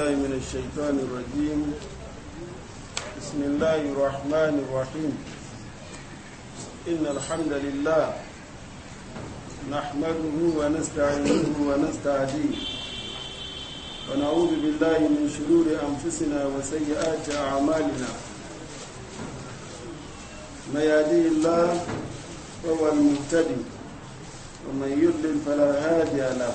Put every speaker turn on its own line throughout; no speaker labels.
بالله من الشيطان الرجيم بسم الله الرحمن الرحيم إن الحمد لله نحمده ونستعينه ونستهديه ونعوذ بالله من شرور أنفسنا وسيئات أعمالنا ما يهديه الله فهو المهتدي ومن يضلل فلا هادي له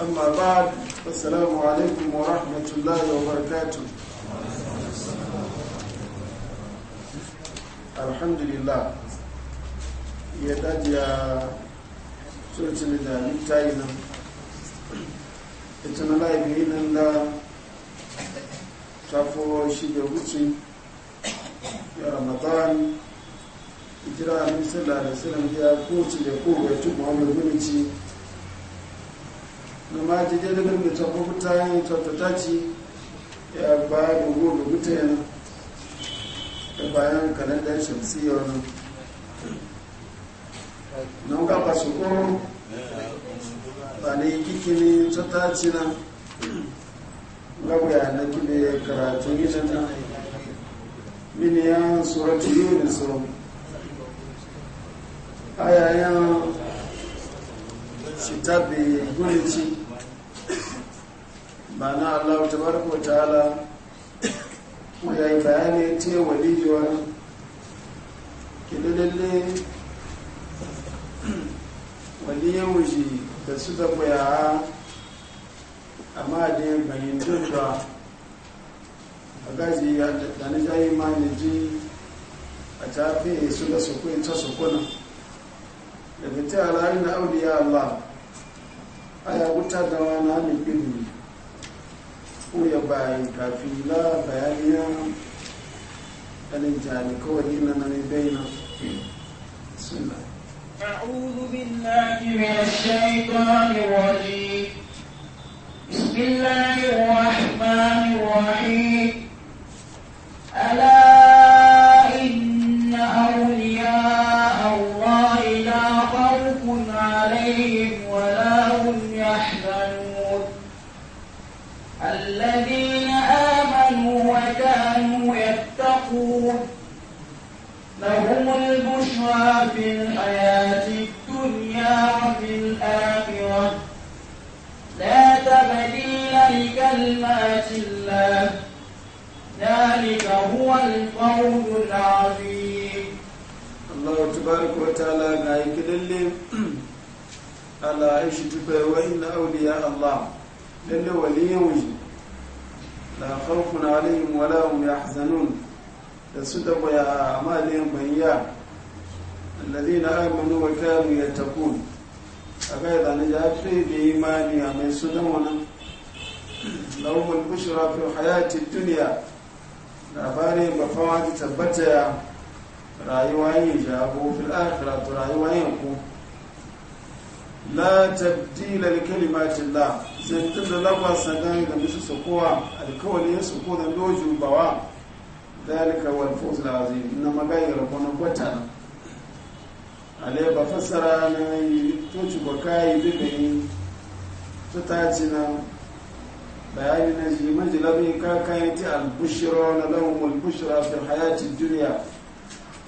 amma ba da salamu alaikum wa rahmatullahi wa barakatu alhamdulillah ya daji a tsohon da ta yi nan ita na laifin yi nan da tafowar da wuce ya ramadan ikirar amince da alisirin ya kowace da kowace mawabar gudunci noma ji dai da birnin tafi kuta yin ta ci ya ba da gobe da mutane da bayan kalandar shamsiyya wani nan ga ba su koro ba ne ta ta ci na gabuya na kibe karatun yi jana miniyan suratu yunus ayayan shi tabi gulici ma'ana Allah tabaraka wa ta'ala ya yi bayani ce walijuwa kida lalle waliyan wuce da su ta ya amma da yin bayyantun ba a gaji ya dani jayi ma ne ji a tafi su da su kuwa ta su kuna daga ta alarin da auliya Allah a ya wuta da wani hannun ilimi koya bayan kafin la bayaniya ɗanin jani na nan bayyana suna
أعوذ بالله من الشيطان الرجيم بسم الله الرحمن الرحيم ذلك هو الفوز العظيم
الله تبارك وتعالى غايك للي على ايش تبوين اولياء الله للي وليوي لا خوف عليهم ولا هم يحزنون لسدوا يا اعمالهم بيا الذين امنوا وكانوا يتقون أكيد أن جاءتني بإيماني أمن سنونا لهم البشرى في الحياة الدنيا labari ba fama ta tabbata ya rayuwa yin jabo fil akhirah rayuwa yin ku la tabdila li kalimati la sai ta da Labar sadan da musu sokowa alkawalin yin soko da doju bawa dalika wal fos al na magayar rabona kwata ale ba fassara na yi tuci bakayi bakai ta ci na bayani na ji majalabi ka kayan ti albushiro na lahum albushira fi hayati duniya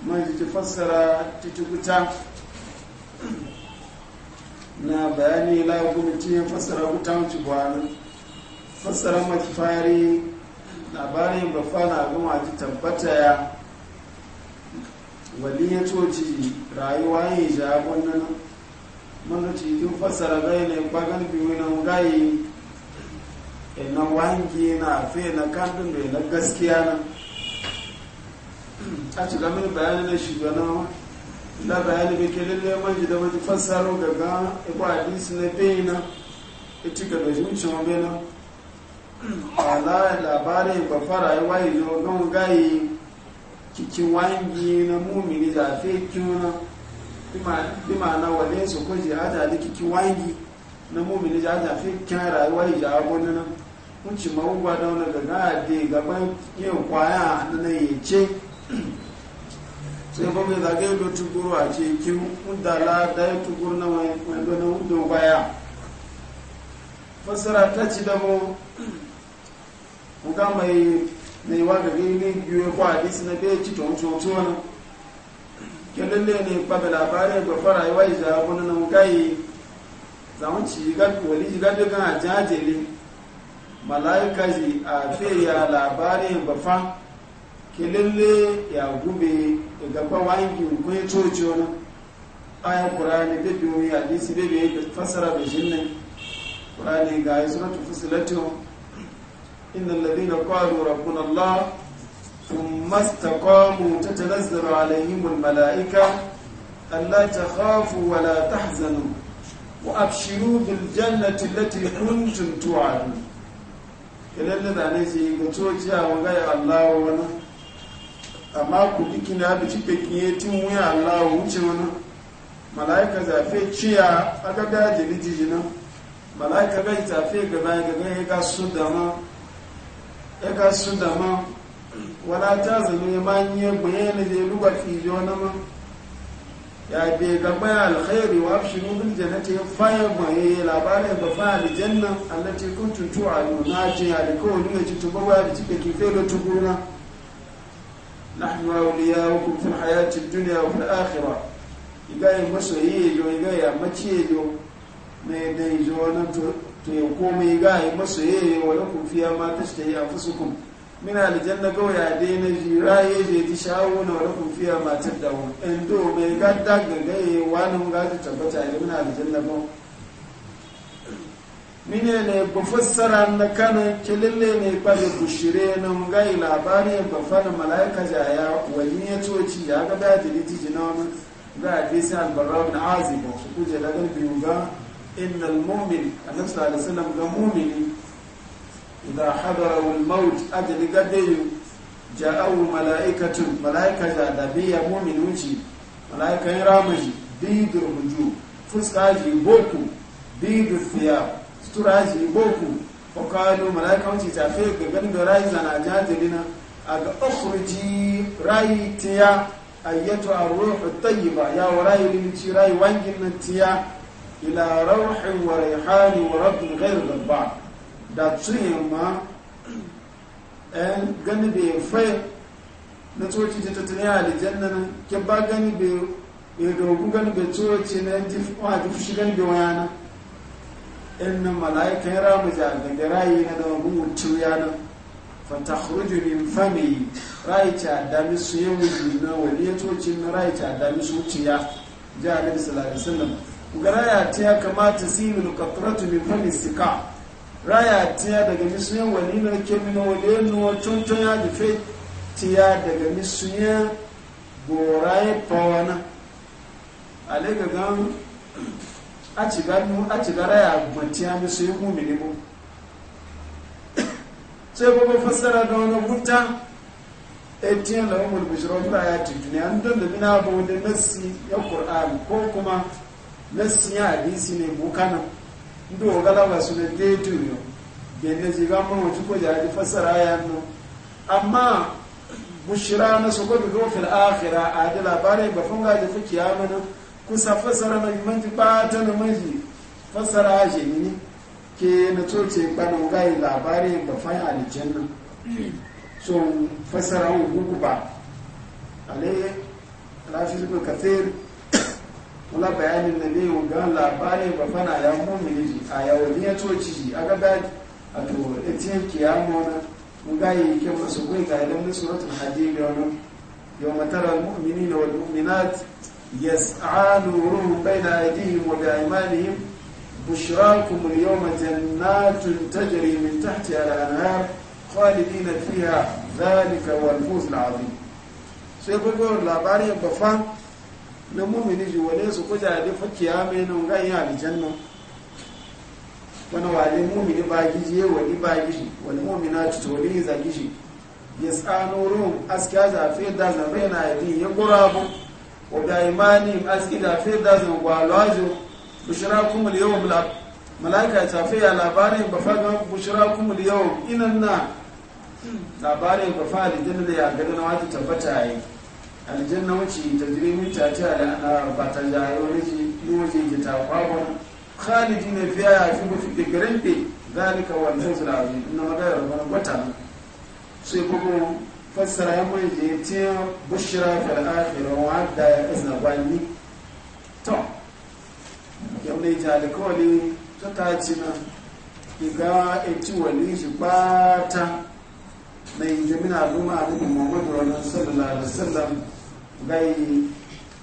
man ji fassara titukuta na bayani la gwamnati fassara wutan ci bwani fassara makifari labarin babba na gama ji tabbata ya wani ya coci rayuwa ya ja wannan manoci yin fassara gai ne bagan biyu na gayi na wangi na fe na kandun da na gaskiya na a ci game bayanin na shugaba na bayanin da ke lalle manji da wani fassaro daga ibu hadisi na bayi na e ita ga da zuciyar wabe na ala labarai ba fara yi wayi na wagon gayi kikin wangi na mumini da fe kiwuna bima na wale su kwaje hada da kikin wangi na mumini da hada fe kyan rayuwa hijabu na nan wuce mawugwa da wani gaga da gaban yin kwaya na nan ya ce sai kuma da ga da tuguru a ce ki udala da ya tuguru na wani na hudun kwaya fasara ta ci da mu kuka mai yi wa gaga yi biyu kwa disi na bai ci tun tun tun wani kyalle ne kwabe labarai da fara yi wa ija wani na zaunci yi ga wali ga gan a jajere malaika ji a fe ya labarin bafa kelele ya gube gaba wangi ko ya coci wani aya kurani bebe wani hadisi bebe da fasara da jinne kurani ga ya suratu fusilatin inna alladhina qalu rabbuna allah thumma istaqamu tatanazzalu alaihim almalaika alla takhafu wa la tahzanu wa abshiru bil jannati allati kuntum tu'adun idan da zane su yi gato ciya wanga ya allahu wani amma ku diki na bi cike kiye tin wuya allahu wuce wani malaika zafe ciya aka da jiri jijina malaika bai zafe gaba gaba ya ga su dama ya ga su dama wala ta zama ya manye bayanin da ya luba fiye wani ma ya be gaba alkhairi wa abshiru bil jannati faya ma ye labarin ba fa al janna allati tu'alu na ji da ko ni ji tuba wa ji ke ki felo tuguna nahnu awliyaukum fi hayati dunya wa fil akhirah igai masoyi yo igai ya mace yo ne dai zo na to to ko mai igai masoyi wa lakum fi ma tashtahi anfusukum min aljanna ga waya dai na jira ya je ji shawo na wani kufiya matar da wani in do mai ga gaga ya wani ga ta tabbata ya min aljanna ba mine ne ba fassara na kana kelele ne ba da bushire na ga labari ba fa na malaika jaya wani ya toci ya ga da diliti jina wani ga hadisi al-barra ibn azib su kuje da ga biyu ga innal mu'min annabi sallallahu alaihi wasallam ga mu'mini إذا حضروا الموت أجل قدي جاءوا ملائكة ملائكة جاذبية مؤمن وجهي ملائكة يرامجي بيد الوجوه فسكاجي بوكو بيد الثياب ستراجي بوكو فقالوا ملائكة وجهي تافيك قدن برايزا نعجاجلنا أجل لنا راي أخرجي رايتيا ar الروح الطيبة يا وراي لنتي راي tirai wangin إلى روح وريحان ورب غير البعض da tsuyin ma ɗayan eh, gani bai fai na tsoci ta tattalin halittar nan ke ba gani bai ya dogu gani bai tsoci na a fushi gani bai na in nan mala'ikan ya ramu zagaga rayi na da wabu ya nan fata huruju ne fami rayu ta dami su yi wuzi na wani ya tsoci na rayu ta dami su wuce ya ji a nabi sallallahu gara ya ta ya kamata simin katuratu min fami sika raya tiya daga misuyen wani na kemina enu nuwa tuntun ya jufe tiya daga misuyen goraye pawana alega gan a ci a ci gara ya gbanti ya misuyen mu sai fassara da wani huta etiyan eh, da wani raya tuntun ya ndon da bina abu wani nassi ya kur'ani ko kuma nassi ya hadisi ne bukanan ndị ogala masu ma daidu ne da ne jiga mun wuce ko ya ji ya nu amma bushira na su gobe go fil akhirah a da labarai ba fun ga ji fi kiyama nan kusa fasara na man ji ba ta na maji fassara je nini ke na toce bana ga labarai ba fa nụ so fassara hu ba alai rafi ibn wala bayanin da ne ga labari ba fana ya a yawon ya coci ji a gaba a to da tiyar kiyama na mun gaye kyan masu gwai ga idan da suratul hadid wani yau matara mu'mini na wal mu'minat yas'a nuruhum bayna aydihim wa bi'imanihim بشراكم اليوم جنات تجري من تحتها الأنهار خالدين فيها ذلك والفوز العظيم سيقول labari babban na mumini ji wale su kuja da fakiya mai nan ga yin alijan nan wani wale mumini ba gishi ya wani ba gishi wani mumina ci tori za gizi ya tsano ruwan aska zafe da zafe na yadi ya gura bu wadda imani aski zafe da zan gwalwajo bishira kuma da yawan malaka tafi ya labarin ba fagan bishira kuma da yawa inan na labarin ba fa alijan da ya gani na wata tabbata ya yi aljanna wuce ta jirin ta ta da ana ba ta jayo riji waje ji ta kwabon khalidi ne fiya ya fi mafi digirin pe zalika wannan fawzul azim inna magana rabban wata sai kuma fassara ya mai je ce bushra fil akhirah wa da ya isna wani to ya mai ta alkawali ta ta ci na iga eti wani shi ta na injimin al'umma annabi muhammadu wani sallallahu alaihi wasallam gai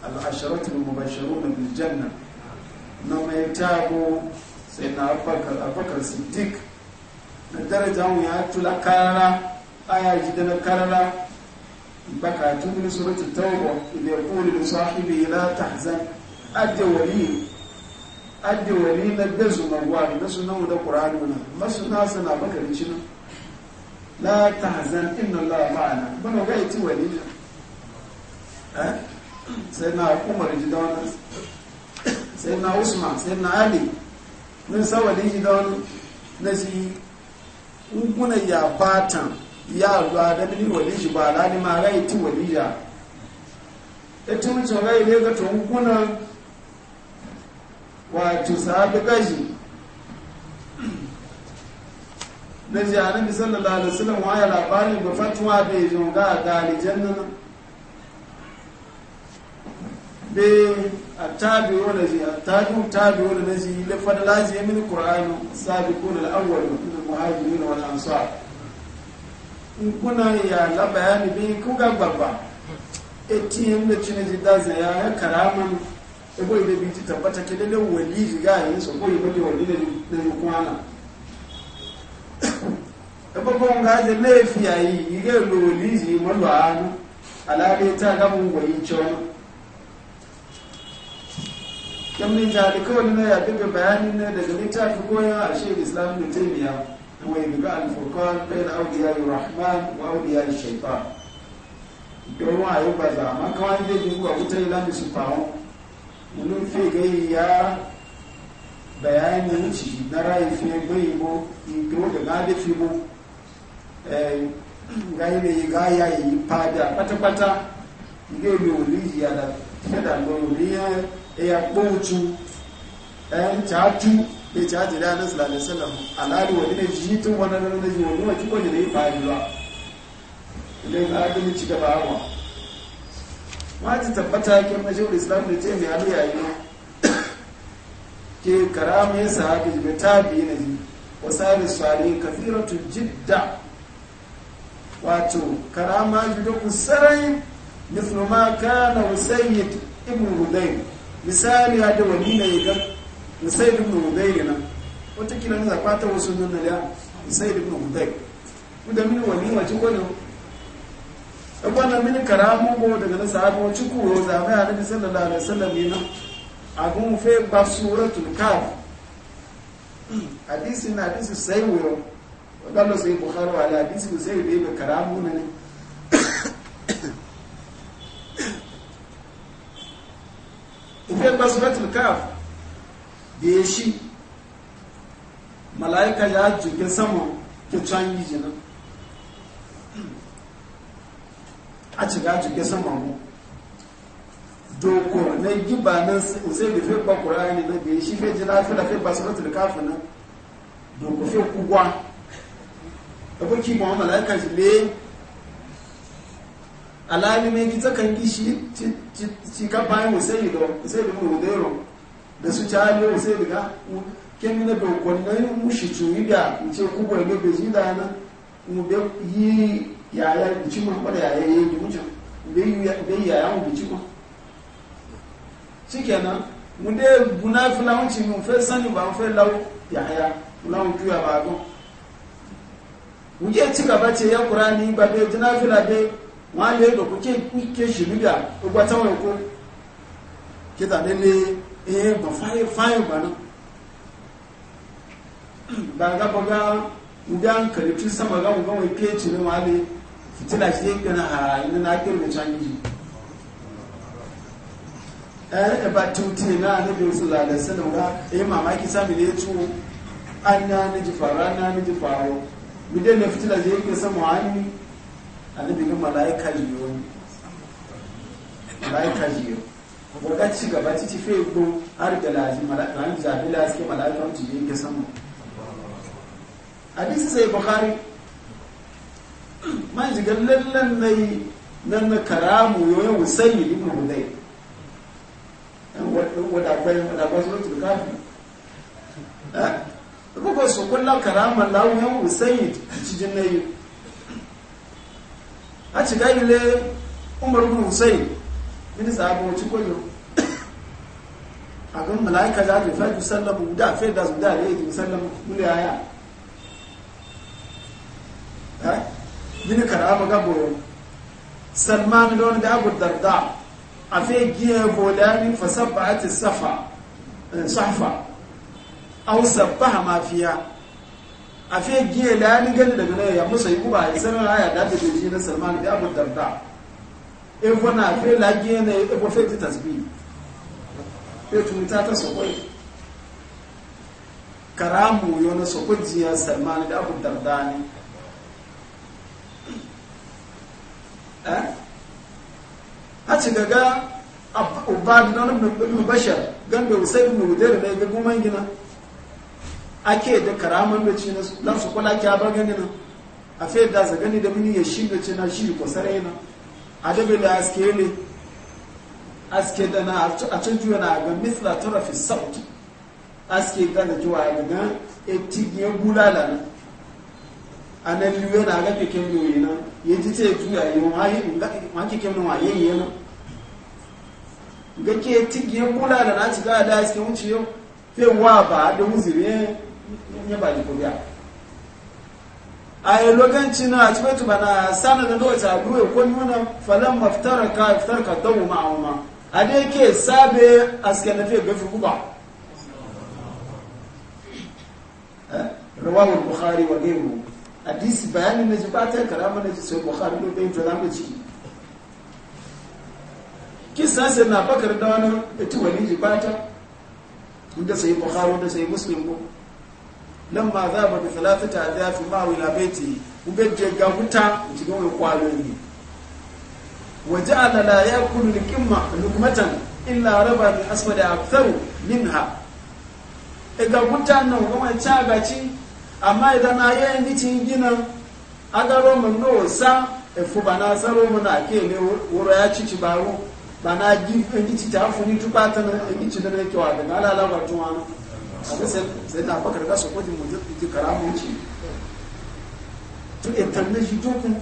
al'asharatu mubashirun na biljanna na mai tabo sai na abubakar abubakar siddiq na daraja mu ya tula karara aya ji da na karara bakatun min surati tauba idh kuli da sahibi la tahzan adda wali adda wali na dazu magwari na sunan da qur'ani na masuna sana bakarin cinan la tahzan inna Allah ma'ana bana ga na Usman sai na Ali nan sawali ji da wannan na shi uguna ya ga wato na ji a nabi sallallahu alaihi wasallam waya labari ba fatuwa bai jin ga ga nan na a tabi wani ji a tabi wani tabi wani na ji la fadala ji min qur'ani sabiqun al-awwal min al-muhajirin wani ansar in kuna ya laba la bayani bi ku e ti eti yanda cin ji da zaya ya karaman ego ibe bi tabbata ke lalle wani ji ga yin so ko ibe wali ne ne kwana tabakon gaje laifi yayi ige loli ji mallu anu alade ta gabun goyi cewa kamni ta da kawai na ya duka bayanin na daga littafi koya a shekaru islam da taimiya kuma ya duka alfurkan bayan auliya rahman wa auliya shaitan don wa yi ba za amma kawai zai yi wa wutar ilamin su mun fi ya bayani wuce na rayu fiye bai bo in kiro da gadi fi bo Eh, gaire gaya yi pada pátápátá ilé mi ò ní ìyàdà fẹ́dà lọ ò ní ẹyà pọ́ọ̀tù da ètì àjẹrẹ alẹ́sìlá alẹ́sìlá aláàrí wọ̀ nílé yìí tó wọn náà lọ́dẹ yìí wọ̀ níwọ̀n tí kò yẹ̀lẹ̀ yìí pàdé lọ ilé aláàrí ní cigaba tabbata kí islam da e ce eh, e mai alu yayi ke karamin sahabi bai tabi na ji wasu alisu jidda wato karama da ku sarai mithlu ma kana usayyid ibn rudayn misali hada wani ne ga usayyid ibn rudayn na wata kila ne zakata wasu nan da usayyid ibn rudayn kuma min wani wace ko ne abana min karamu ko daga na sahabi wace ko za mai annabi sallallahu alaihi wasallam ne na agun fe ba suratul kaf hmm, hadisi na hadisi sai wuro wadanda sai bukhari wa hadisi zai bai ba karamu ne idan basmatul kaf da ya shi mala'ika ya jirgin sama ke can yi jina a ciga jirgin sama mu doko na giba nan sai da fi bakura ne na da ya shi fi jina fi da fi basmatul kaf nan doko fi kugwa akwai kima wa mala'ika shi le alali mai gita kan ki shi ci kan bayan usaini da usaini da hudero da su ta hali usaini ga kemi na dokon na yi mushi tuni da ce kubar ne bai da na mu yi yaya bici mu kwada yaya yi yi mucin bai yi yaya mu bici mu shi kenan mu dai buna filawunci mu fai sani ba mu fai lau yaya filawun ya ba gan wuje ci gaba eya ya kurani ba bai ji na fila bai wani yadda kuke shi biga a, ta wai ko ke ta ne ba fayi fayi ba nan ba ga ba ga sama ga mu ga na na ha ina na ke mu canji eh e ba tuti na ne bi ne tu na anya na bidan na fitila je yake sama a annabi ga malaika jiyo malaika jiyo ga ci gaba ci ci ko har da laji malaika an jabi la sai malaika mutu je yake samu hadisi sai bukhari man ji gallan nai nan na karamu yoyin husaini ibn hudayy wadda akwai wadda akwai sunan tulkafi bugo su kulla karama lawuyan usayid cikin na yi a ci ga ile umar bin usayid mini sabo ci koyo a gan malaika za a ta faɗi sallamu da fe da su da ya yi ya mule aya mini karama gabo salman don da abu darda a fe giye bolani fasabba a ti safa eh, aw sabbaha mafiya, a fiye giye da ya gani daga nan ya musa yi kuma a isa raya da dace jeji na salman da abu darda in e fana fiye da giye na ya fiye fi tasbi fiye tumita ta sokwai karamu yau na sokwai jiya salman da abu darda ne eh? a ci gaga ubadu na nan bashar gan da usai mu da ya ga guman gina ake da karamar da ce dan su kula kya ba gani nan a fiye da za gani da mini ya shi da ce na shi ko sarai nan a dabe da aske ne aske da na a can juya na ga misla turafi sauti aske da na juwa ya ga eti ya da na a nan liyo na ga kekem yoyi na ya ji ce juya yi ma kekem na wa yi na ga ke eti ya da na ci ga da aske wuce yau fe wa ba da muzire ya ba liko biya yi lokaci na atibatu na sana da do ta guru ko ni ka falam maftaraka dawo ma'amma a dai ke sabe askana fe gafi kuba eh? rawahu al-bukhari wa ghayruhu hadis bayani ne ji batar karama ne ji sai bukhari do bai tura mu ciki kisa sai na bakar da wani ita wani ji ta inda sai bukhari da sai muslim ko lamma zaba bi salatati azafi ma wila baiti ubejje ga wuta cikin wani kwalo ne waje alala ya kudu kulu likimma lukmatan illa raba min aswada aktharu minha e ga wuta nan kuma ta gaci amma idan na yi ni cin gina agaro mun no sa e fu bana tsaro mun na ke ne wuro ya ci ci baro bana na en ci ta fu ni na gici da ala ala ba tuwa abin sai na bakar ga su kudin mutum ji karamunci to etan na shi dokun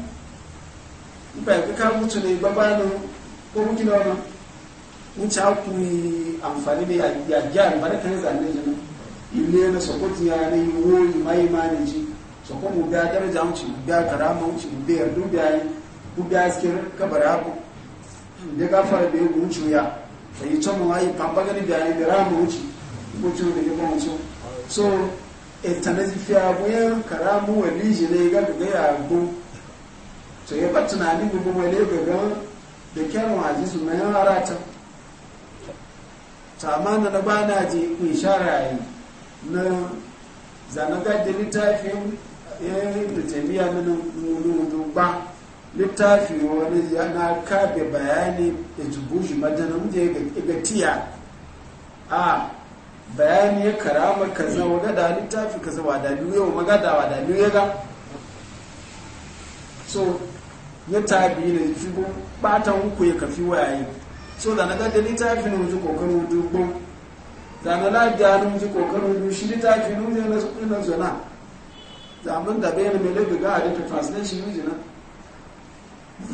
ba ya ka mutu ne ba bayanin ko muki na wani wuce aku yi amfani da ya gyara ba da kan zanen jina ne na sokoti ya ne yi woyi mai mani ji sokon mu biya daraja mutu mu biya karama mutu mu biya yardu biya yi mu biya askin kabara abu da gafara da ya wuce ya da yi can mu ayi kamfani da ya yi da ramu wuce bojo ne ga bojo so etanaji fi abuya karamu wani ji ne ga ga ya abu to ya ba tunani gugu wani ga ga da kyawun haji su mai harata ta amana na ba na ji in kun yi na zanaga da littafin yayin da jami'a na nunu ba littafi wani yana kabe bayani da jibushi madana muje ga tiya a ah, bayani ya karama kaza wadda da littafi kaza wa da biyu yau magada wa da biyu ya ga so ya tabi ne fi ko bata uku ya kafi wayaye so da na ga da littafi ne mutu kokarin wudu ko da na lafiya ne mutu kokarin wudu shi littafi ne mutu na sukuri na zona zamun da bayan mai labi ga adatu translation ne jina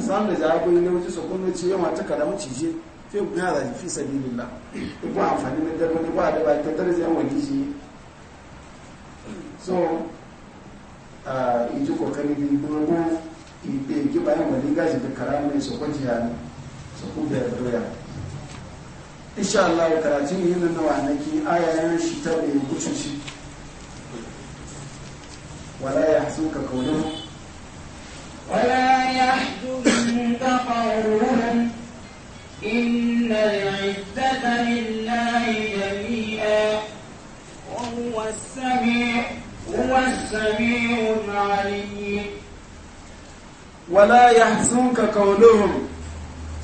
san da zagoyi ne wuce sokon ne ce yawa ta kada mu jiya. sai ku yana zaji fi sabilillah ba amfani na darwani ba da ba ta darajar wani shi so a iji kokari bi dogo ibe ki bayan wani gashi da karamin so kwaji ya ne su ku da doya insha Allah karatun yi na nawa na ki ayayen shi ta bai kucin shi
wala ya hasu wala ya السميع العليم
ولا يحزنك قولهم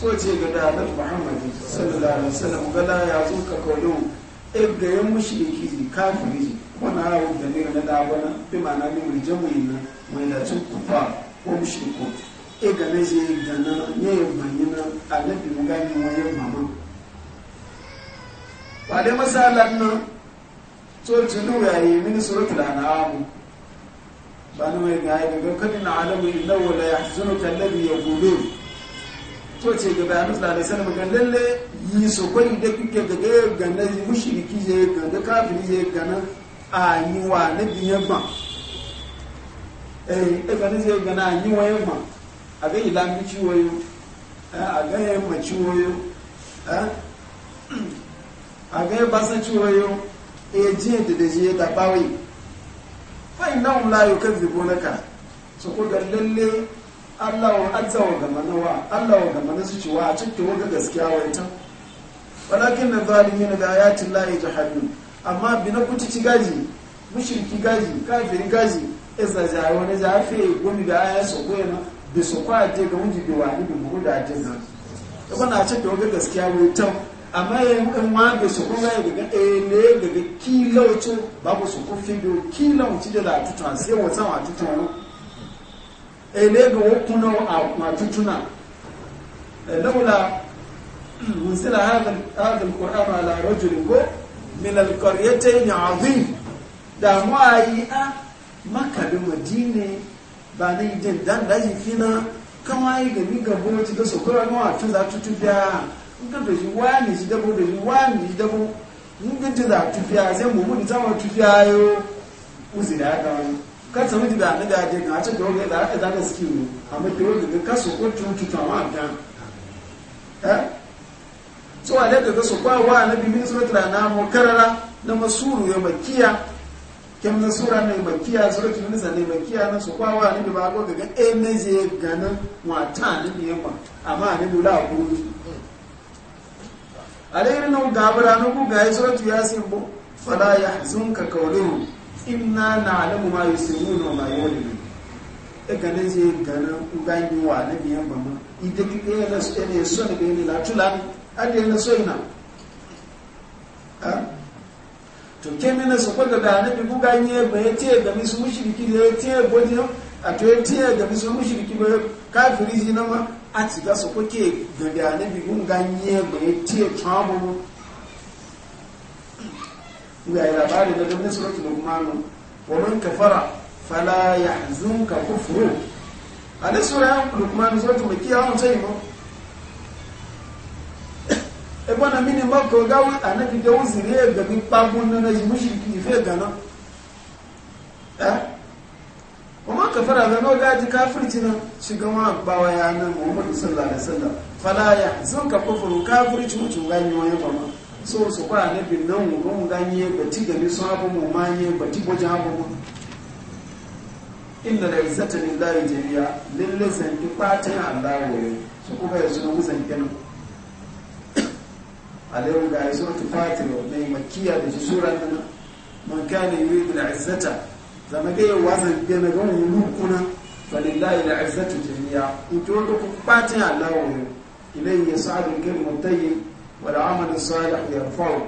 توجي غدا محمد صلى الله عليه وسلم غدا يحزنك قولهم ابغي مشركي كافري wani arahu da ne na dagwana bi ma'ana ne mai jami'in nan mai lati kufa ko mushiko e ga ne da na ne ya na alabi mu gani wani mama nan tsorci nura yi mini suratul ba na mai ga yi ga na alamu innahu la yahzunuka alladhi yaqulun to ce ga bayan musu da sanin magan lalle yi so kwari da kike ga ga ganna mushriki je ga ga kafiri je ga nan a yi wa na biyan ba eh ga ne je ga na yi wa yamma a ga ilami ciwoyo a ga yamma a ga basan ciwoyo e jiya da da jiya da bawai fa'in nan la yau kan zibo na ka su ko ga lalle allah wa azza wa gama na allah wa gama na su ci wa a cikin wata gaskiya wa ita walakin na zalimi na ga ayatin layi jahannun amma bi na kuti ci gaji mushirki gaji kafiri gaji isa jawo na jafe gomi da aya su ko yana da su kwa je ga wuji da wani bi mu da ajin nan da bana cikin wata gaskiya wa ita amma yan ma eh, da su kuma ya daga ele daga kilauci babu su kun fido kilauci da latutu a sai wata watutu wani ele ga wakuna a watutuna laula eh, musila hada alquran ala rajul go min alqaryatayn azim da mu ayi a makka da madine ba ne jin dan daji fina kama yi ga mi gabo ci da sokora ma watu za tutu da nga dozi wani zidabo dozi wani zidabo nga tiza tufiya sai mu gudu sama tufiya yo uzira ya gawani kasa mutu da annabi aje kan ace dole da aka zaka suke mu amma ne ga kaso ko tutu ta wa da eh so ale da kaso a wa annabi min suratul anam karara na masuru ya makiya kem na sura ne makiya suratul nisa ne makiya na so kwa wa bi ba ko ga eh ne je ganan wata ma. yamma amma annabi la ko alayrin nan gabara na ku ga suratu yasin bo fala ka qawluhu inna na'lamu ma mu. wa ma yu'linun e ganin u ga ni wa na biyan bamma ide kike na su ne so ne ni la ni ade na so ina to na so kwaga da na ni e ba ya ce ga misu mushriki da ya ce gwaje e a to ya e ce ga su mushriki ba e kafiri ji na ma a ci ga su kuke gabi a nabi mun ganye mai ce tsamu ga yi labari da domin surat lukmanu wa man kafara fala ya zunka kufuru a da sura yan lukmanu surat maki yawon sai ba e bana mini mako gawo a nabi da wuzire gabi kpagun na na yi mushi ife gana eh kuma ka fara ga gaji kafirci nan ba wa ya nan muhammadu sallallahu alaihi wasallam fala ya sun ka kufuru kafirci mutum gani wani fama so su ba ne bin nan mu ban ba ya bati gari sun abu mu ma ba bati gwajin abu mu inna da izzata lillahi jami'a lalle san ki fatin Allah wayo su kuma yanzu na musan kenan alayhi ga fatin tufatir mai makiya da sura nan man kana yuridu al-izzata zanage wazan gana ga wulu kuna falillahi la izzatu jami'a ito ko ku patin Allah wa ilayhi yas'adu al tayyib wal 'amalu salih yarfa'u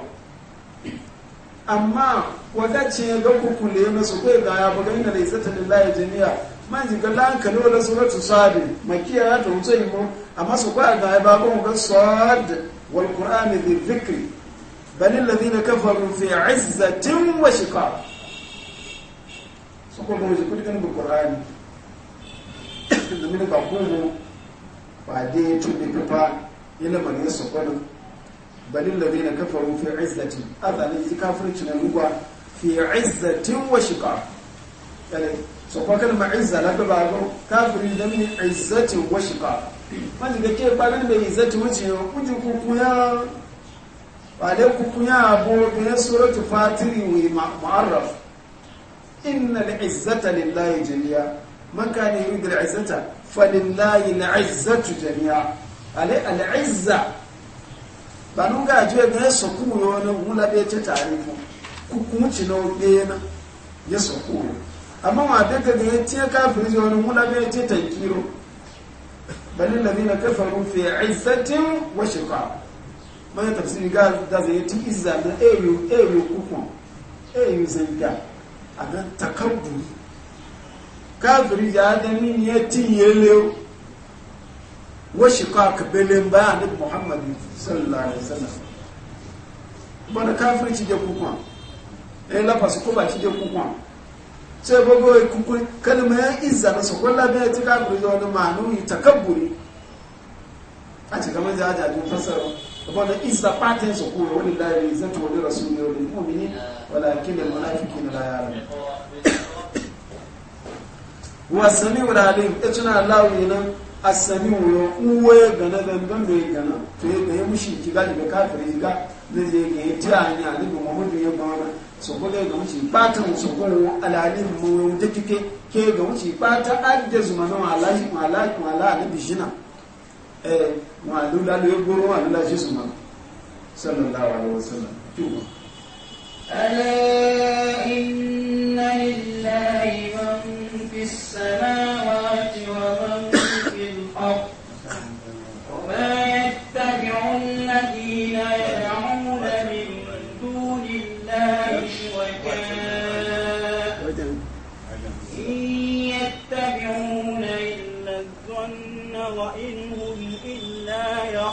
amma wadace ya ga kukule kule na su kai ga ya baga inna la izzatu lillahi jami'a man ji ga lan kalo la suratu sadi makiya ya to mutsayi mu amma su ba ga ya baga mu ga sad wal qur'ani bi dhikri bal alladhina kafaru fi 'izzatin wa shiqaq su ko gama jikuli ganin bukurani domin ba kuma ba dai ya da kafa yana bane ya sakwanin balin bai na kafa rufe izzatin azalin yi kafirci na ruwa fi izzatin wa shiƙa sakwa kalma izza na ba ga kafirin da mini izzatin wa shiƙa wani da ke balin mai izzatin wuce kujin kukuya ba dai kukuya abu da ya suratu fatiri wa ma'arraf innal izzata lillahi jami'a man kana yuridu al-izzata lillahi al-izzatu jami'a ale al-izza banunga ajwe ga soku yono mula be ce tarifu kukunci na ye ya soku amma wa daga ka fi kafiri yono mula be ce tankiro bal alladhina kafaru fi izzatin wa shiqaq mana tafsiri ga da zai yi izza da ayu ayu kukun ayu zanga a ga takabburi kafiri ya da min ya tinye lew wa shiqaq bayan bayan Muhammad sallallahu alaihi wasallam bana kafiri ci je kuma eh la pasu ko ba ci je kuma sai bogo ku kalma ya izza na sokolla bai ci kafiri zo na manu takabburi a ci gaban jajajin fasara da isa patin su kuma wani lari zan ta wani rasu ne wani mumini wala kila munafiki na ne. wa sami wa alim ta tuna lawi nan a sami wuyo uwe gana dandan mai gana to ya mushi ki gani da kafin ga zai je ga ya ti hanya ne da mamadu ya gana su ko ga mushi patin su kuma alalin mu da kike ke ga mushi pata adda zuma na alaji alaji alaji bishina eh wa lula lo egoro wa lula jesus ma sallallahu alaihi wasallam tuba
ala inna lillahi man fis samawati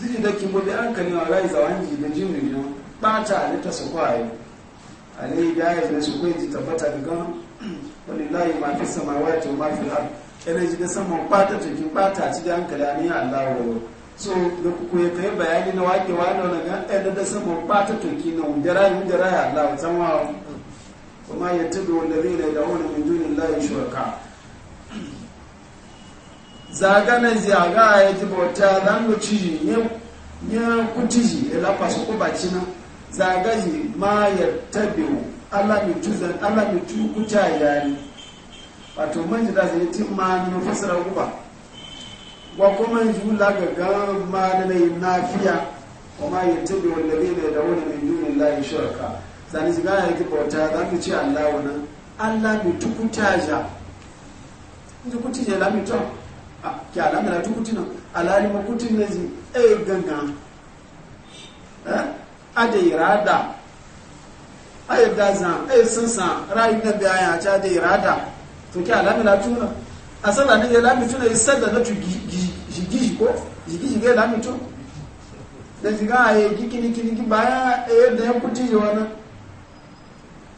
zai da kimbo da an kani wa rai zawan ji da jin rin bata alita su kwaye alai da ya zai su kwaye tabbata da gan layi ma fi sama wa ma fi har ard kana ji da sama bata ta ki bata ci da hankali ni a wa so da ku ya kai bayani na wake wa nan ga ɗaya da sama bata ta ki na udara udara Allah wa tanwa wa ma da wani mai min dunillahi shuraka zagana ziaga ya bota dango zango nye nye kutiji ela lafa su kuba cina zagaji ma ya tabi ala mitu zan ala mitu kuta yari wato man ji da zai ti ma ni fasara kuba wa kuma ji la ga ga ma na nayi nafiya wa ma ya tabi walladina yad'una min dunillahi shuraka zani ziga ya ji bauta zango ci Allah wannan Allah mitu kuta ja ji kutije la mitu Ah, ke alamira tukuti na alalima kuti na zi e eh, gangan eh? ade irada aye dazan aye sansan rayu na biya ya ci ade irada to ne ya lami tu, ya na tu jigiji ko jigiji ga lami tun da ziga aye gikini kini baya eh, aye da ya kuti yi wani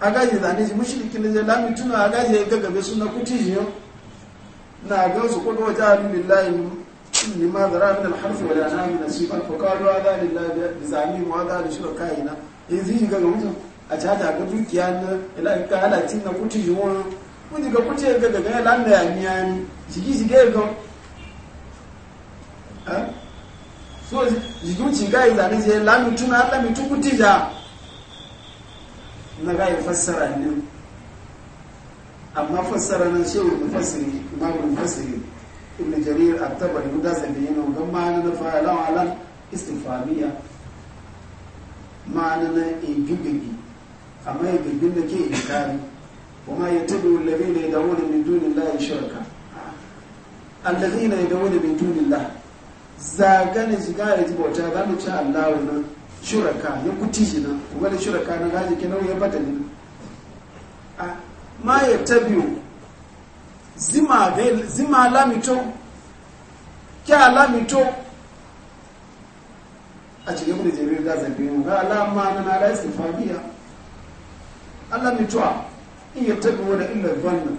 agaje zane shi mushriki ne ya suna kuti yi na gan su kudu kuma wata lillahi lima zara min alharf wal anam nasiban fa qalu hada lillahi bi zami wa hada li shurakaina in eh, zi shiga ga mutum a ta ta ga dukiya na ila ka ala na kuti wani mun ga kuti ga daga ya lan ya miya ni jigi shiga ya eh? gan so jikin ci ga zane ne je lan tuna Allah mi tukuti ja na ga fassara ne amma fassara nan shewa mufassiri imam al-fasiri ibn jarir at-tabari da zabi ga ma'ana na fa'ala ala istifamiya ma'ana na igigigi amma igigin da ke inkari kuma ya tabi wallabi ne da wani min dunin lahi shirka allazi ne da wani min dunin la zagane shiga ya ji bauta za mu ci allahu nan shuraka ya kuti shi nan kuma da shuraka na gaji ke nauyin a ma ya tabi zima ge zima lamito kya lamito a cikin da jere da zabe mu ga alama na na da sifabiya Allah mitwa in ya tabi wada illa zanna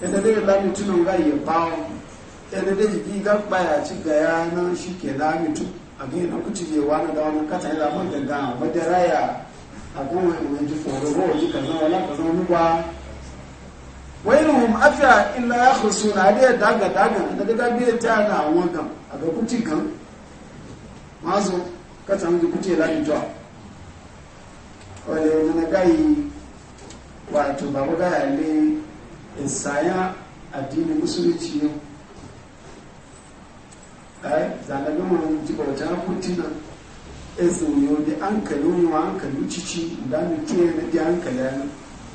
yadda zai lamito nan ga ya bawo yadda dai jiki ga baya ci ga yana shi ke lamito a ga yana kuci je wani da wani kata ya lamun da ga madaraya a kuma wani ji foro ko ji kaza wala wani ba wayinuhum afiya illa ya khusu na daga daga da daga biye ta na wagan a ga kuci kan mazo ka san da kuce la to wale mun na yi wato ba ga ne insaya addinin musulunci ne ai zalabi mun ji ba ta kutina ezu yo de ankalo yo kalu cici dan ke ne de ankala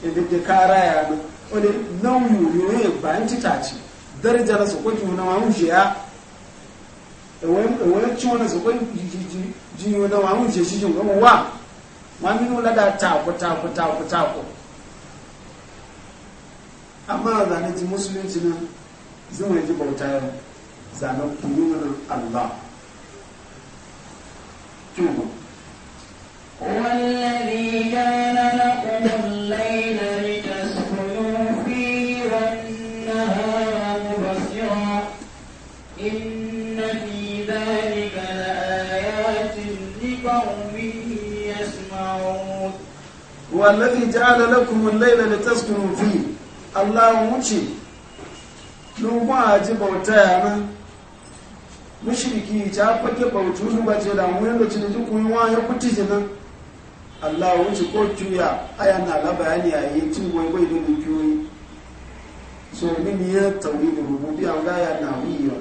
ne de kara ya ne wani nauyi yoye bayan citaci daraja na sokon ki na wawun jiya wani ci wani sokon ji na wawun jiya shi jin gama wa ma minu lada tako tako tako tako amma zane ji musulunci nan zama ji bauta yau zane kuru allah
هو الذي كان لكم الليل wallafi
ja'ala lakum al-layla litaskunu fi Allah wuce nubu aji bauta ya yana mushriki ta fake bautu su ba ce da mu yanda cin ji kun wa ya kuti jina Allah wuce ko juya aya na la bayani yi tin wai wai da mu juyi so min ya tawhid rububiyya ga ya na wiyo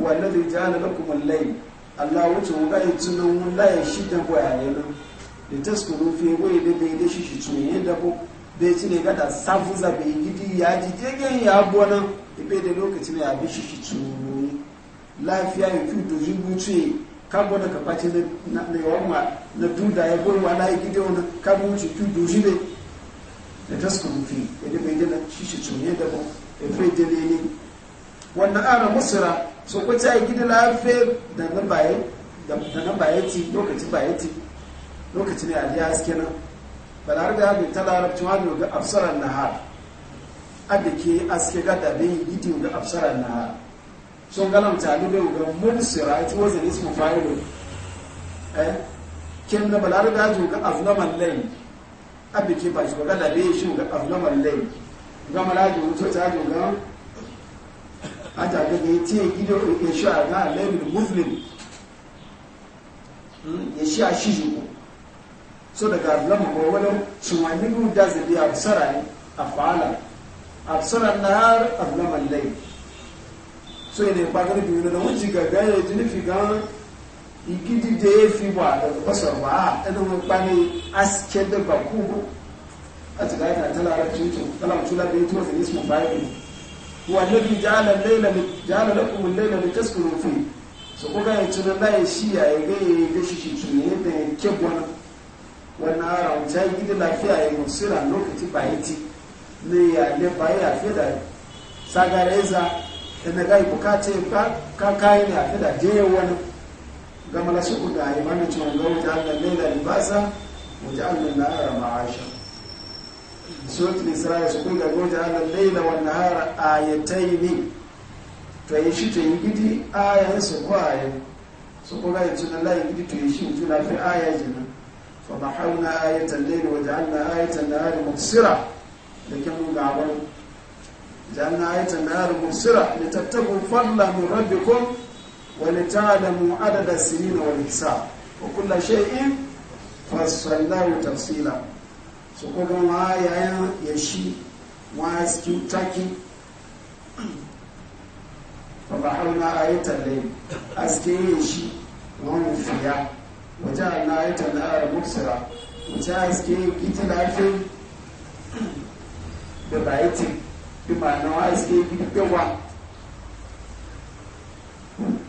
wallafi ja'ala lakum al-layl Allah wuce mu ga yi tunan mu la ya shi ta boyaye nan da ta skuru fiye wai da bai da shi shi yi da dabo bai ci ne gada safuza bai gidi ya ji tegen ya abuwa nan de da lokaci ne abin shi shi yi lafiya ya fi doji buce kabo da kafaci na ma na duda ya goyi wala yi gidi wani kabo wuce fi doji ne da ta skuru fiye da bai da shi shi tuni yi dabo ya fi da ne wannan ara musura so kwace gidi lafiya da na baye da na baye ti lokaci baye ti lokaci ne aliya haske nan balar da hajji ta larabcin hajji ga absarar nahar adda ke aske gada yi gidi ga absarar nahar sun galam talu bai ga mursira ita wazin ismu fa'ilu eh kin na balar da hajji ga azlaman lai adda ke ba shi ga gada ya shi ga azlaman lai ga malaji wuto ta hajji ga hajji ga ya ce gido ya sha ga lai muslim hmm? ya a shi shi so daga lama ko wani sumanni mu da zabi absara ne afala absara nahar ablama lay so ne bagar biyu na wani ga ga ya tuni fi ga igidi da ya fi ba da basar ba a ɗan wani bane aske da ba kubu a tuka yana ta larabci to kalam tula da ya tuwa zai ismu wa nabi ja'ala layla ja'ala lakum al-layla litaskunu fi so ko ga ya tuna lai shi ya ga ya ga shi shi Wani ara wuce gidi lafiya ya yi musira lokaci ba yi ne ya ne ba ya fi da sagareza da na gai bukata ka kayi ne a fi da je wani gama na su kuka yi mana cewa ga wuce allah ne da libasa wuce allah na ara ma'asha suratul isra'il su kuka ga wuce allah ne da wannan ara ayatai ne to yi shi to yi gidi ayayen su ko ayayen su kuka yi tunan layi gidi to yi shi tuna fi ayayen فضحونا آية الليل وجعلنا آية النهار مبصرة لكن قعبان جعلنا آية النهار مبصرة لتتقوا فضلا من ربكم ولتعلموا عدد السنين والحساب وكل شيء فصلناه تفصيلا سكوكا معايا يشي واسكي تاكي فضحونا آية الليل أسكي يشي وهم فيها wajen na yi tanara mubsira wajen haske gidi lafi da baiti bi ma'ana wa haske gidi gawa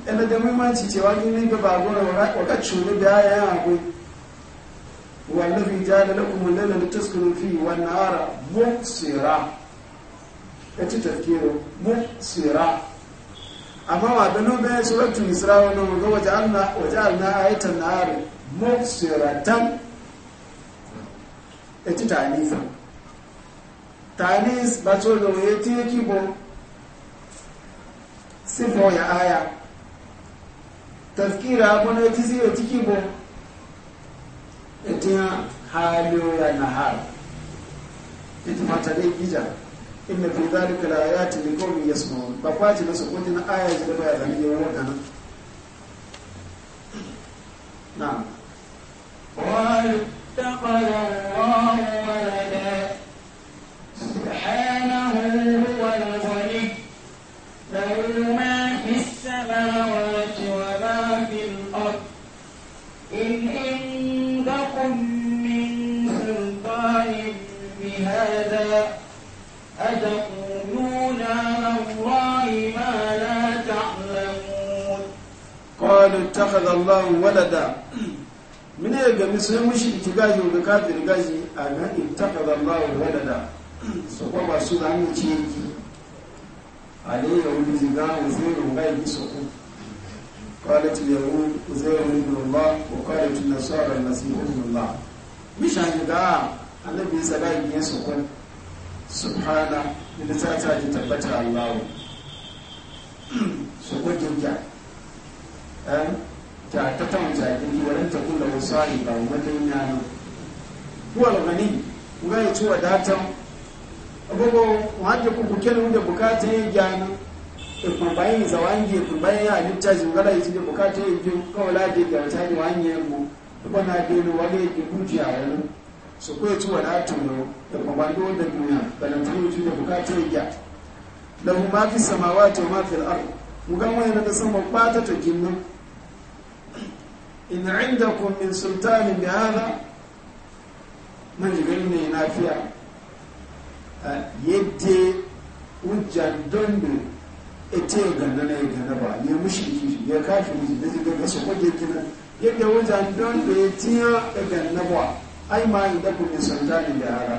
ɗan da muhimmanci cewa gini ga bagona wakacin da da ya hagu wallafi ja da lakumin lalata da taskunin fi wannan hara mubsira ya ci tafkiro mubsira amma wa da nube suratul isra wa nan ga waje'alna waje'alna ayatan nar mubsiratan eti tanis tanis ba to da yeti yake bo sifo ya aya tafkira ko ne ti si ya eti kibo eti halu ya nahar eti matale gija inna fi dhalika la ayatin li qaumin yasma'un ba na su aya da baya
da wa taqala la subhanahu أتقولون على الله ما لا تعلمون
قالوا اتخذ الله ولدا من يجب مسلم مشرك gaji da kafir gaji اتخذ الله ولدا so ko ba su da mu ci yake ale ya قالت اليهود وزير ابن الله وقالت النصارى المسيح ابن الله مش عن النبي صلى الله عليه وسلم subhana da eh? ta ta ji tabbata allahu su gudun ja ta ta ta wuce gini wurin ta kula wasu ali ba wajen yana kuwal gani kuma e, ya ci wadatan abubuwa ku kuku kenan da bukatun yin gyanu ya bayan zawangi ikun bayan ya halitta zingara ya cikin bukatun yin gyanu kawai da ga ya yi wanyar mu kuma na yi wani ya ke gujiya wani su kuwa ci wadatun yau da kuma yi da duniya da na tuni mutum da bukatar ya da mu ma fi samawa ta ma fi al'ar mu gan wani daga sama ba ta ginnu in inda kun min sultani mai hana man jigar ne na fiya ah, yadda hujjan dondo ita ya ganda na ya ganda ba ya mushi ya kafin da zai gaga su kwaje kina yadda don da ya tiya ya ganda ba ai ma yi dabu min sultani da ara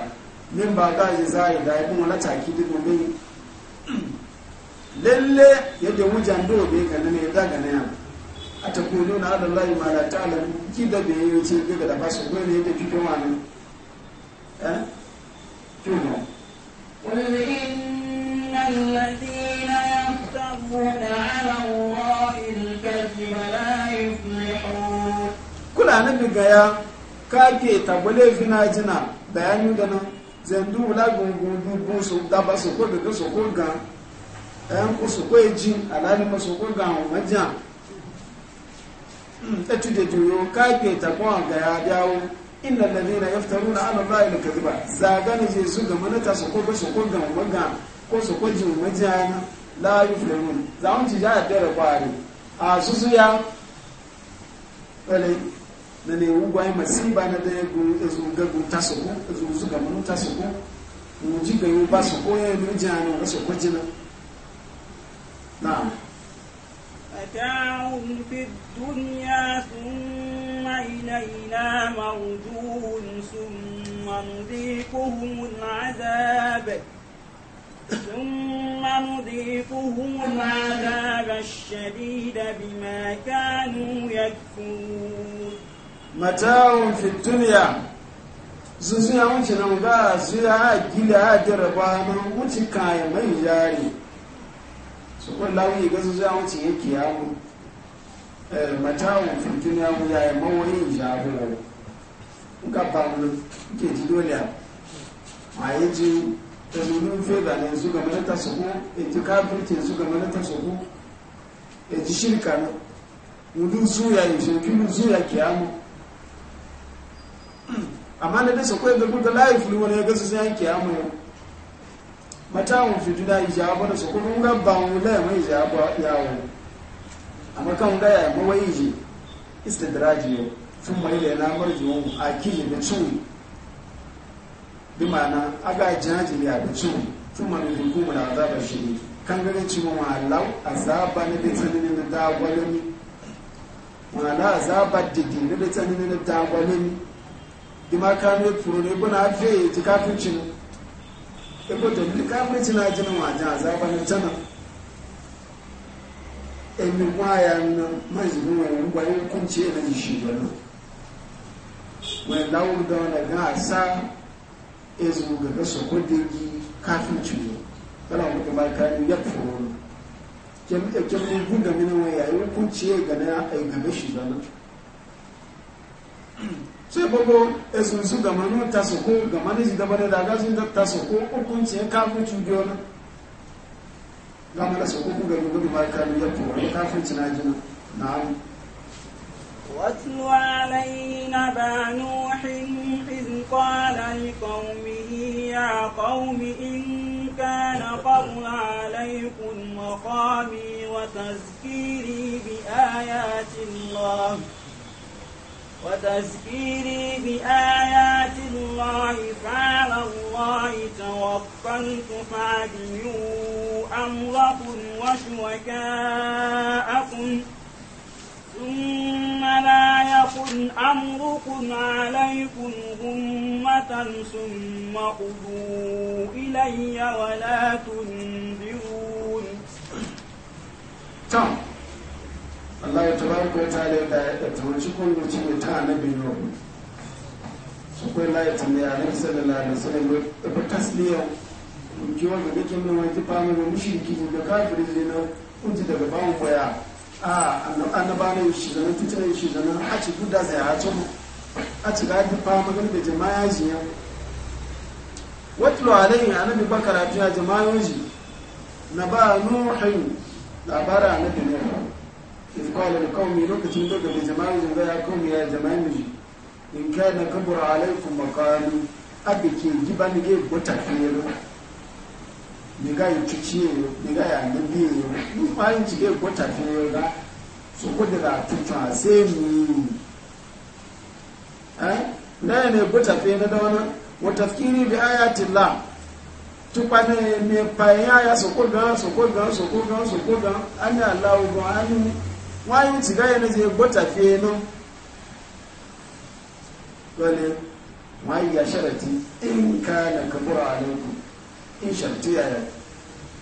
min ba ga yi za yi da yi kuma na taki duk domin lalle yadda wujan do bai ka ne da ga ne a ta ko nuna da Allah ma la ta'ala ki da bai yi ce ga da ba su ne yadda kike wani eh
kuma قل إن الذين يفترون
kake tagbale fina jina bayanu da nan zandu la gungun dubu so daba so ko dodo so ko gan en ko so ko eji alani mo so ko gan o maja etu hmm, de duro kake tagwa ga ya dawo inna alladhina yaftaruna ala allahi alkadhiba zagani je su ga manata so ko so ko gan o maga ko so ko ji o maja na la yuflamun zaun ji ja da kwari a susu ya na ne ugwa ba na da gu ezuga gu tasoko ezuga munu tasoko muji ga yu ba soko ya yu jana ga soko jina
na'am mata'un fid dunya thumma ilayna sun thumma nudhiquhum al'adab ثم نذيقهم العذاب الشديد بما كانوا يكفرون
mata'un fi dunya zuzu ya wuce nan ga su yi a gida a dirba nan wuce kaya mai jari su kwan lauyi ga su ya wuce ya ke yawo eh, mata'un fi dunya mu ya yi mawayin jabiro nka pamu ke ji dole a ma yi ji ta zunin feda ne su ga manata ta suku e ji kafirce su ga manata ta suku e ji shirka na mudu suya yi shirki suya kiyamu amma na dasa kwaya da kuka layi fulu wani ya gasa sai ya amu yau mata mun fi juna ijaba da su kuma ga ba mu la mai ijaba yawo amma kan ga ya ba wai iji istidraji yau sun mai da na marji mu a kiji da cin bi ma'ana aga ne ya da cin sun mai da kuma da azabar shi kan gani ci mu Allah azaba ne da tsanin da dagwalani wala didi na da tsanin da dagwalani bima kanu furune na fe ti kafinci ne ebo to ni kafinci na jinin wajen azaba na tana emi waya na mazibin wani ngwari kunci na jishi gano wani lawon da wani gan asa ezu ga gasa kodegi kafinci ne kana mutu ma ya furune kyan mugun da ya shi sai bago esun su gama ta su da bane da gasu da ta su ko hukunci ya kafin cugiyo na gama da su ko ga gudu ba ka ya ko na'am
واتل عليه نوح إذ قال لقومه يا قوم إن كان قبل عليكم مقامي وتذكيري بآيات الله وتذكيري بآيات الله فعلى الله توكلت فأجمعوا أمركم وشركاءكم ثم لا يكن أمركم عليكم غمة ثم قضوا إلي ولا تنذرون
Allah ya tabaraka wa ta'ala da ya tawci kullu ci ta annabi no su kai la ya tambaye annabi sallallahu alaihi wasallam da ba tasliya ji wanda kake nuna wani fama shirki mushriki da kafiri ne na kunji daga bawon koya a annaba ne shi zana tutare shi zana a ci guda sai a ci a ci ga duk fama da jama'a ji jiya watlo alayhi annabi bakara ya jama'a ji na ba nuhin labara annabi ne إذ قال لقومي لوكة من دوكة لجماعي زندايا قومي يا جماعي إن كان كبر عليكم مقالي أبكي جباني جيب وتكفيرو niga yi cuci yo niga ya ni bi da so ko de da tu ta se mi eh na ne ko ta fi na da wana wa tafkiri bi ayati llah tupane me pa ya ya so ko ga so ko ga so ko ga so ko ga ani allah wọ́n yìí ti gáyẹ̀ ní ti gbọ́ta fi inú lọ́lẹ̀ wọ́n yí aṣẹ́rẹ̀ in ká na kàbúrà alẹ́kù in ṣàtú yaya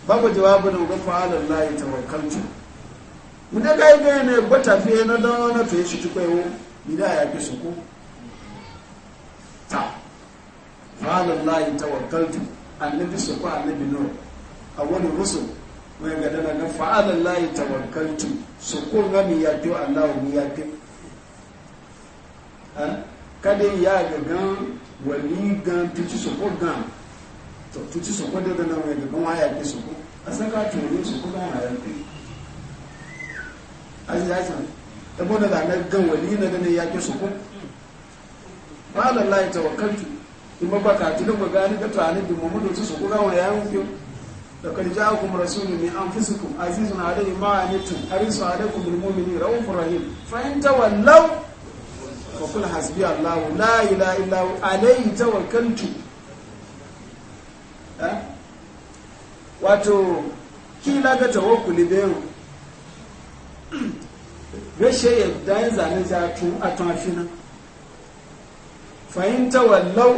babu jawabu da ga fa'alar layi ta wakalcu da gáyẹ̀ gáyẹ̀ na gbọ́ta fi inú to yi shi ya fi ta ta annabi suku annabi nuru a wani mai gada na ga fa'adar layi tawakkaltu su kun gami ya fi Allah wani ya fi kada ya ga gan wani gan tuci su ko gan to tuci su ko daga nan mai gaban waya ke su ko a san ka tuni su ko gan waya fi a ya san ta bude da na gan wani na gani ya fi su ko fa'adar layi tawakkaltu in ba ka tunan ba gani ka tunanin bi mu mutu su ko gan waya fi لقد جاءكم رسول من انفسكم عزيز عليه ما عنتم حريص عليكم بالمؤمنين رؤوف رحيم فان تولوا فقل حسبي الله لا اله الا هو عليه توكلت wato kila ga tawakkuli da yau rashe yadda yin zane zatun a tafina fahimta wallau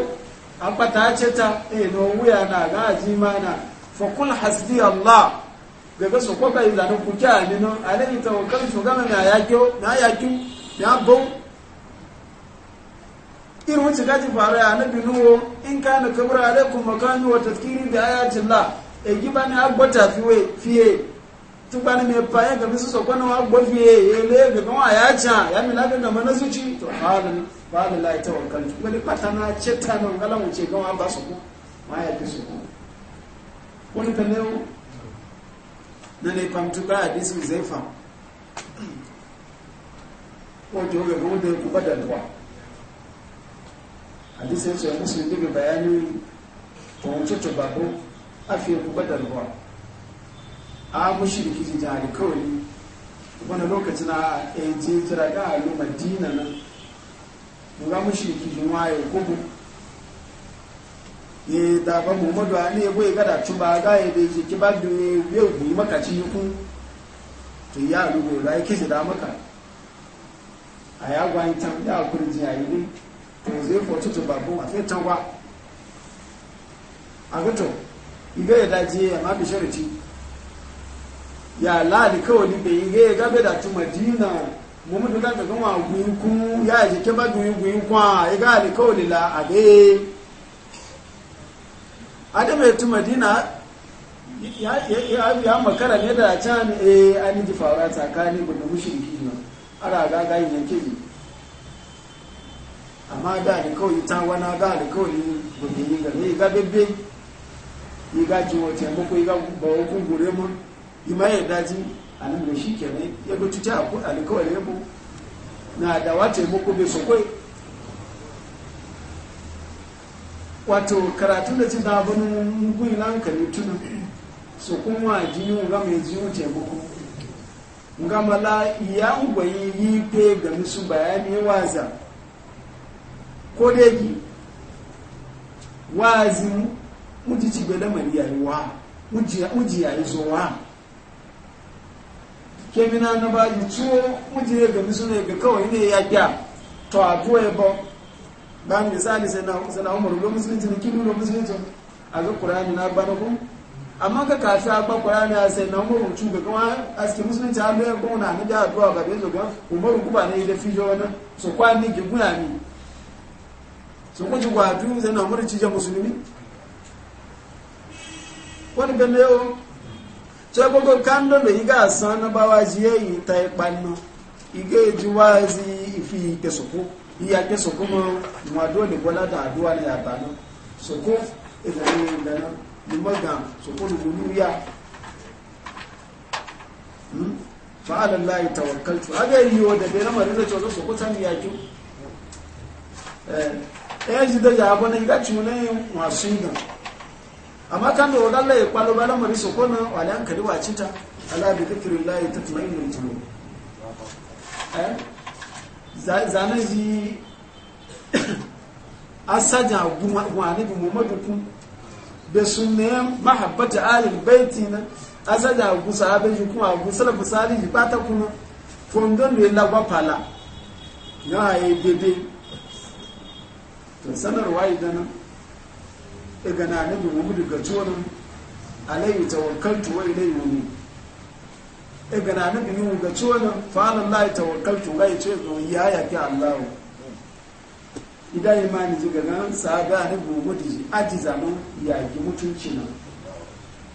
an ɓata ce ta ɗaya fakul hasbi Allah gaga su kwa kai zanen ku kya ni nan alayhi tawakkaltu gama na yakiyo na yakiyo ya bau irin wacce gaji faru ya nabi nuwo in ka na kabura alaikum makami wa tazkiri da ayatin la e giba ni agbata fiye fiye tukpa ni me pa ya gabi su sokwa na wa gbo fiye ya e le gaga wa ya ca ya mi laga gama na suci to fadin fadin la ita wakaltu wani pata na ce ta na ngala wuce gama ba su ku ma ya fi su ku wani kalewo eh, na ne famtu ba a disu zai fam wajen ga gaba da kuma da a disu yanzu ya musu daga bayani wancan bako a fiye kuma da duwa a kiji jihar kawai wani lokaci na eji jiraga a yi madina nan ga mushiriki kiji waye gugu ye da ba muhammadu a ne bai gada ci ba ga ya bai ki ba da ne yau ku maka ci ku to ya lugo da yake shi da maka a ya gwan tan ya kurji a yi to zai fotu to babu a sai tan wa a ga ibe da je ya ma bi sharati ya ladi kawai ni bai ga ga be da tu madina muhammadu da ga gwa gun ku ya je ke ba gun gun kwa ya ga ni kawai la a dai adam ya tu madina ya makara ne da can eh an ji fara tsakanin gudu mushriki ne ara ga ga yake ne amma da ni kawai ta wana ga da kawai gudu ni ga ni ga bebe ni ga ji wata yamma ko ga ba ku gure mu ma ya daji nan da shi kenan ya gutu ta ku alkawari mu na da wata yamma ko bai so wato karatu da ci zabanin mugun lankali tuna su kuma jiyu ga mai jiyu taimako ga mala ya ugwayi yi pe ga musu bayani waza ko dai wazi muji ci gbada mari wa muji yayi zowa kemina na ba yi tuwo muji ya ga musu ne ga kawai ne ya gya to abuwa ya ba ba misali sai na sai na umar ga musulunci ne kinu musulunci a ga qur'ani na ba ku amma ka kafi a ba qur'ani sai na umar mutu ga kuma aski musulunci an bayar ko na da addu'a ga bezo ga umar ku ba ne da fijo wannan so kwa ni ki guna ni so ku ji gwatu sai na umar ci ja musulmi wani ganda yau sai gbogbo kando da iga asan na bawa ji yayi ta ipanu iga eji wazi ifi ikesoko iyake su kuma ma dole gwala da aduwa ne ya banu su ko izani yin dana yi maga su ko rubunu ya ala layi tawakkaltu aga yi yiwu da bai lamarin da cewa su ko ta ni yaki ɗaya eh, eh, ji da ya abu na iga cimu na yin masu yi amma kan da wadanda ya kwalo ba lamarin su ko na wale an kari wacita ala bi zikirin layi ta tunayin da mutum eh? zane ji asajan gwani bi muhammadu kun da sunayen mahabbata alil baiti na asajan gu sahabin shi kuma gu salafu sali ji bata kuma fondon da ya lagwa pala na haye bebe to sanarwa idan igana e na bi muhammadu ga tuwanin alayhi tawakkaltu wa ilayhi wani e gana nan ni mu ga ciwo nan fa Allah tawakkaltu ga yace zo ya ya ki Allah idan imani ji gaga saga ne bu mutiji aji zaman ya ki mutunci nan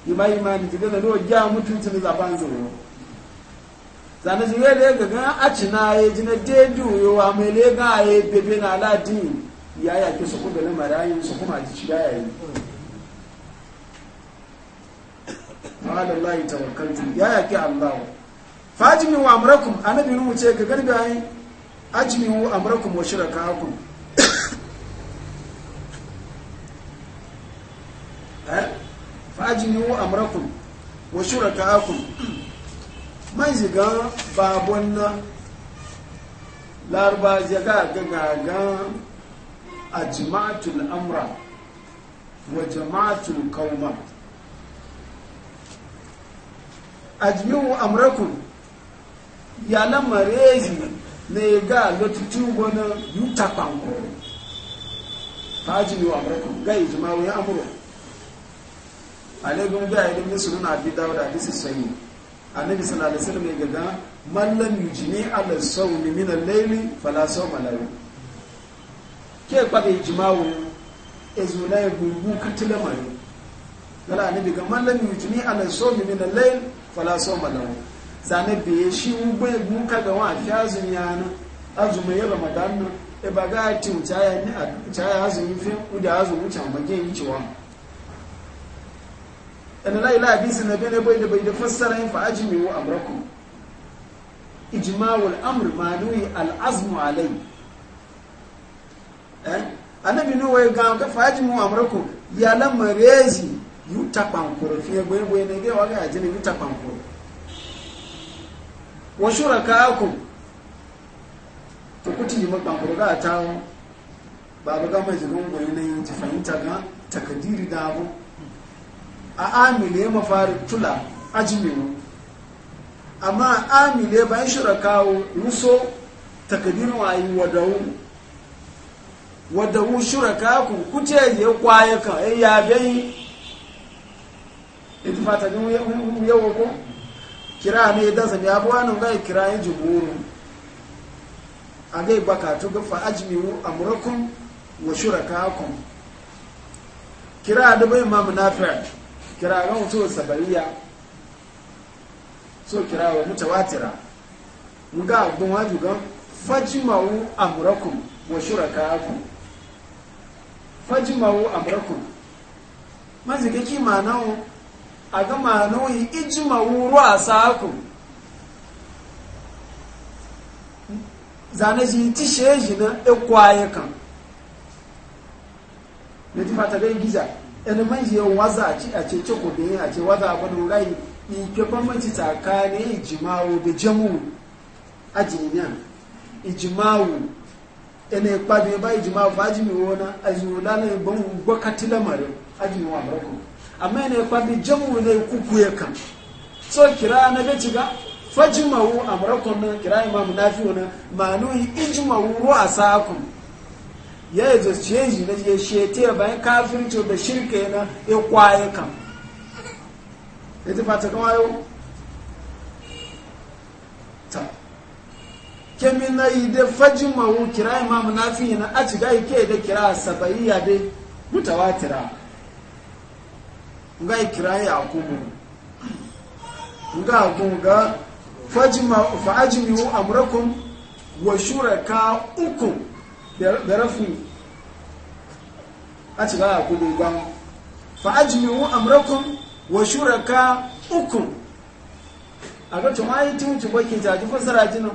yi ma ji gaga no ja mutunci ne zaban zo zane ji gaga gaga a cina ye ji na dedu yo wa mai le ga ye bebe na aladin ya ya ki su ku ga na marayin su kuma ji shi ya yi wa ala Allah tawakkaltu ya yaki Allah wa. fajimi wa amrakum annabi mu ce ga garbi ai ajimi wa amurakun wa shirakakum eh fajimi wa amurakun wa shirakakum mai ziga babon na larba zaga gaga a jima'atul amra wa jama'atul kauma ajmi'u amrakum ya rezi na ga lotutu gona yuta kwanko ta ajmi'u amrakum ga ijma'u ya amuru alaikum biya idan nisu nuna fi hadisi sahih annabi sallallahu alaihi wasallam mai ga man lam yujni ala sawmi min al-layli fala sawma lahu ke kwabe ijma'u ezulai gungun katilamari kala annabi ga man lam yujni ala sawmi min al-layli fala so malawo zane be shi ugbe gun ka ga wa fi azumi yana azumi ya ramadan na e ba ga ti mu chaya ni a chaya azumi fi u da azumi ma mage yi ciwa an la ilaha sin nabi ne bai da bai da fassara in fa ajmi wa amrakum ijma'ul amr ma nuyi al azmu alai eh annabi ne wai ga ka fa ajmi wa amrakum ya lamarezi yuta kpankuru fiye gwegwe ne ga waga ajini yuta kpankuru wa shurakaakum to kuti yima kpankuru ga tawo ba ga mai jirin gwai na yin ji fahimta ga takadiri da abu a amile mafari tula ajimiru amma amile bayan shurakawo ruso takadirin wayi wadawu wadawu shurakaakum kuti ya kwaye ka ya bai ittifata ne yawo ko kira ne da sani abu nan ga kira yin jumhuru a ga baka to ga fa mu amrakum wa shurakakum kira da bai imam nafi' kira ga mutu sabariya so kira wa watira. mun ga abun waju ga fajma'u amrakum wa shurakakum fajma'u amrakum mazike ki ma'anawo Agama ga ma'anoyi ijima wuru a saku zane ji ti sheji na ikwaye kan na ti fata dai giza ɗan manji yau waza a ce a ce ciko da yin a ce waza a bada rai ike bambanci tsakanin ijimawo da jamu a jiniyan ijimawo ɗan ikpa da ya ba ijimawo ba jimi wona a jiwo lalai ban gwakati lamarin a jimi wa barkun amma ne kwa bi jamu ne kuku ya kan so kira na ga ciga fajimawu amrakon nan kira imam fi wani manu yi ijimawu ruwa sakon ya yi zaci ya yi na je shete bayan kafirci da shirka yana ya kwaye kan ya ti fata kama yau ta kemi na yi da fajimawu kira imam fi yana a ciga yi da kira sabayi ya dai mutawatira nga ikira yakubu nga fajima fajma fa'ajmiu amrakum wa shuraka uku da rafu a ci gaya kudu ba fa'ajmiu amrakum wa shuraka uku a ga tuma yi tun tuba ke jaji fasara jinan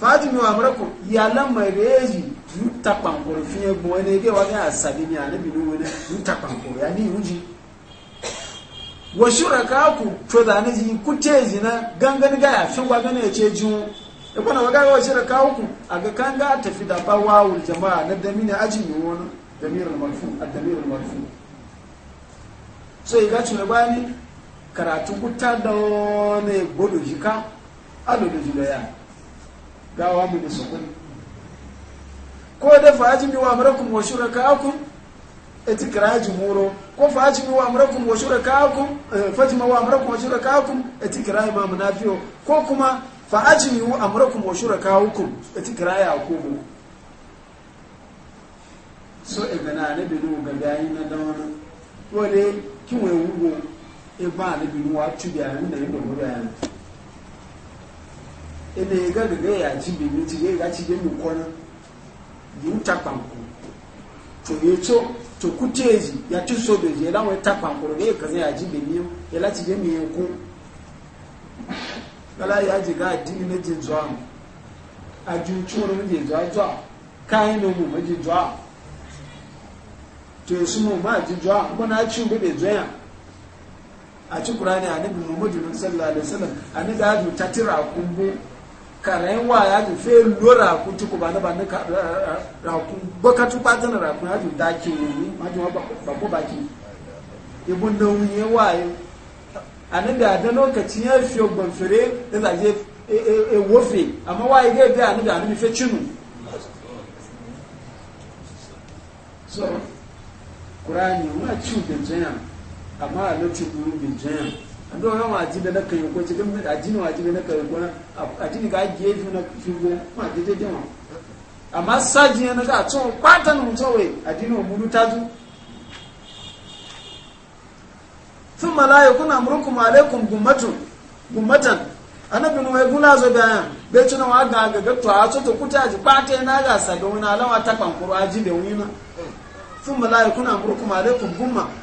fa'ajmiu amrakum ya lamar reji ntakpankoro fiye gbọ́n ẹni ẹgbẹ́ wa ní àṣàbí ni àníbi ní wọn ntakpankoro ya ní ìwúji wọ́ṣúra káàkù tọ́dà ní yìí kú téèjì náà gangan gáyà fún wa gánà ẹ̀kẹ́ jù wọn ẹgbọ́n àwọn gáyà wọ́ṣúra káàkù àgàkán gá tafi da bá wà wùl jama'a na dami ne aji ne wọn damir al-marfu ad-damir al-marfu so iga tuna ni karatu ta kuta da wani e gbodo jika ado da julaya gawa mu da sokoni ko da fa'ajin bi wa amrakum wa shurakaakum etikraji muro ko fa'ajin bi wa amrakum wa shurakaakum eh, fatima wa amrakum wa shurakaakum etikraji ma munafiyo ko kuma fa'ajin wa amrakum wa shurakaakum etikraji akubu so egana ne bi nu gaga na dawana wale kinwe wugo e ba ne bi wa tubi a e ne ne do ya ene ga ga ya jibi ni ti ga ci de mu kona yuta pankuru to yeto to kuteji ya ti so be je lawon ta pankuru ne kan ya ji bemi ya lati je mi ku kala ya ji ka dini ne je zuwa aju churu ne je zuwa zuwa kai no mu je zuwa to yesu mu ma ji zuwa ko na ci be be zuwa a ci qur'ani annabi muhammadu sallallahu alaihi wasallam annabi da ta tira kumbu karayen wa ya ji fe lo raku tuku ba na ba na eh, eh, raku baka tuba zana raku ya ji daki wuri ma ji ba ko baki ibu na wunye wayo a nan da da lokaci ya fi ogbon fere da zaje e, e, e wofe amma waye ga ga nan da nan fe cinu so kurani muna ci bin jaya amma a lokacin bin jaya ando ga ma ji da na kai ko ci gamba a jini ma ji da na kai ko na a jini ga ge ju na shugo ma ji da jama amma saji na ga to kwatan mu to we a jini mu du taju thumma la yakuna amrukum alaykum gummatun gummatan ana no wai gula zo da be tuna wa ga ga to a to kuta ji kwata na ga sabe wani alama ta kankuru a ji da wani na thumma la yakuna amrukum alaykum gummatun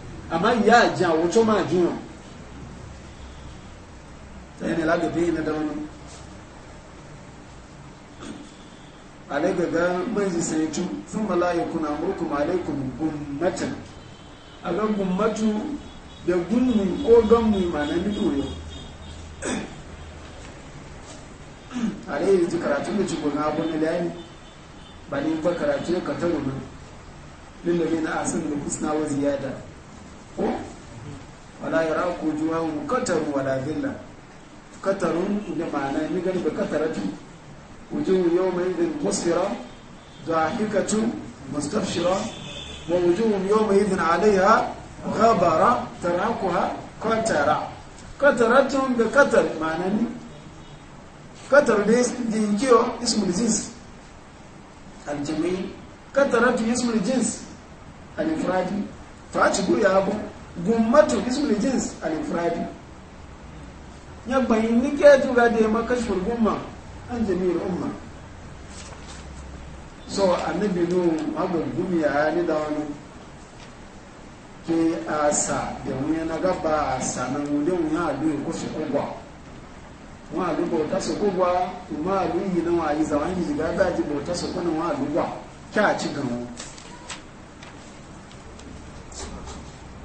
amma ya ja wato ma jiyan ta yi ne lagabe na da wani alaigaga mai tun sun mala'iku na murku malaikun gummatan a ga gummatu da gunmi ko mu ma na midoyo a rai yanzu karatun da cikin abin da yayi ba ne ba karatu ya kataru nan lullabi na asin da kusna wa ziyada ko wala yara ku juwa mu kataru wala zilla katarun ne ma'ana ni gani ba kataratu wujuhu yawma idhin musfira dahikatu mustafshira wa wujuhum yawma idhin 'alayha ghabara tarakuha katara kataratun bi katar ma'ana ni katar da dinkiyo ismul jins aljami kataratu ismul jins al-ifradi ta ci guya abu gummatu ismul jins al-infradi ya bayin nike juga da yamma kashfur gumma an jami'ar umma so annabi nu magun gumi ya ni da wani ke asa da wani na gaba asa na wuli ya alu ko su wani alu bauta su kogwa wani yi na wani ji su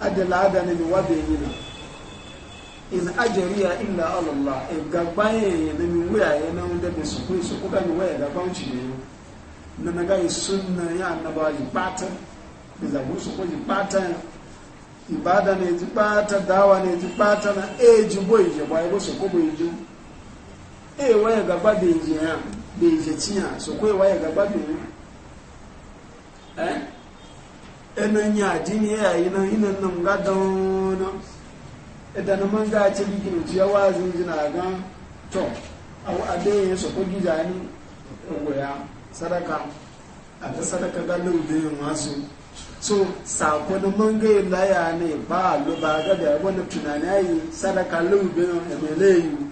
adala adana ni wa bai yina in ajariya illa allah e gagba ye na mi wuya ye na wanda da su kuyi su kuka ni waya gagba wuce ne na na gayi sunna ya annaba ji bata da zagu su ko ji bata ibada ne ji bata dawa ne ji bata na e ji boy je ba e su ko boy ji gagba bai je ya bai je ciya su ko e waya gagba bai eh ɗanan a ne ya yi nan inan nan ga daunan idan man ga ce bikin ciya wazin jina aga tɔ abu abin ya sako gija ni goya sadaka a ta sadaka ga laudayin masu so sako na man ga yi laya ne ba a lo ba ga da wani tunani ya yi sadaka laudayin emeleyi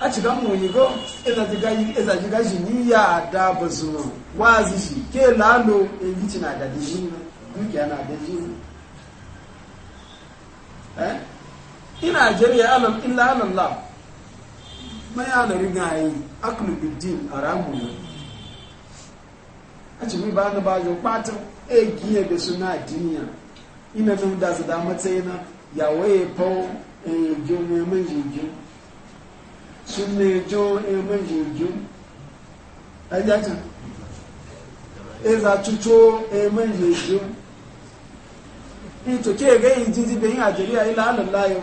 a cika moyigo ezajiga shi ni ya da ba su nan wazi shi ke lalo elici na da dijin na dukiya na da dijin eh ina jariya alam illa alallah mai ana riga yi aklu biddin a ramu ne a ci mi ba e na ba yau kwata e giye da na duniya ina nan da su da matsayi na yawaye fau e gyo mai mai jirgin sun jo eme jojo ẹjẹta eza eme jojo ito ke ga yin jinji bayin ajiriya ila alallayo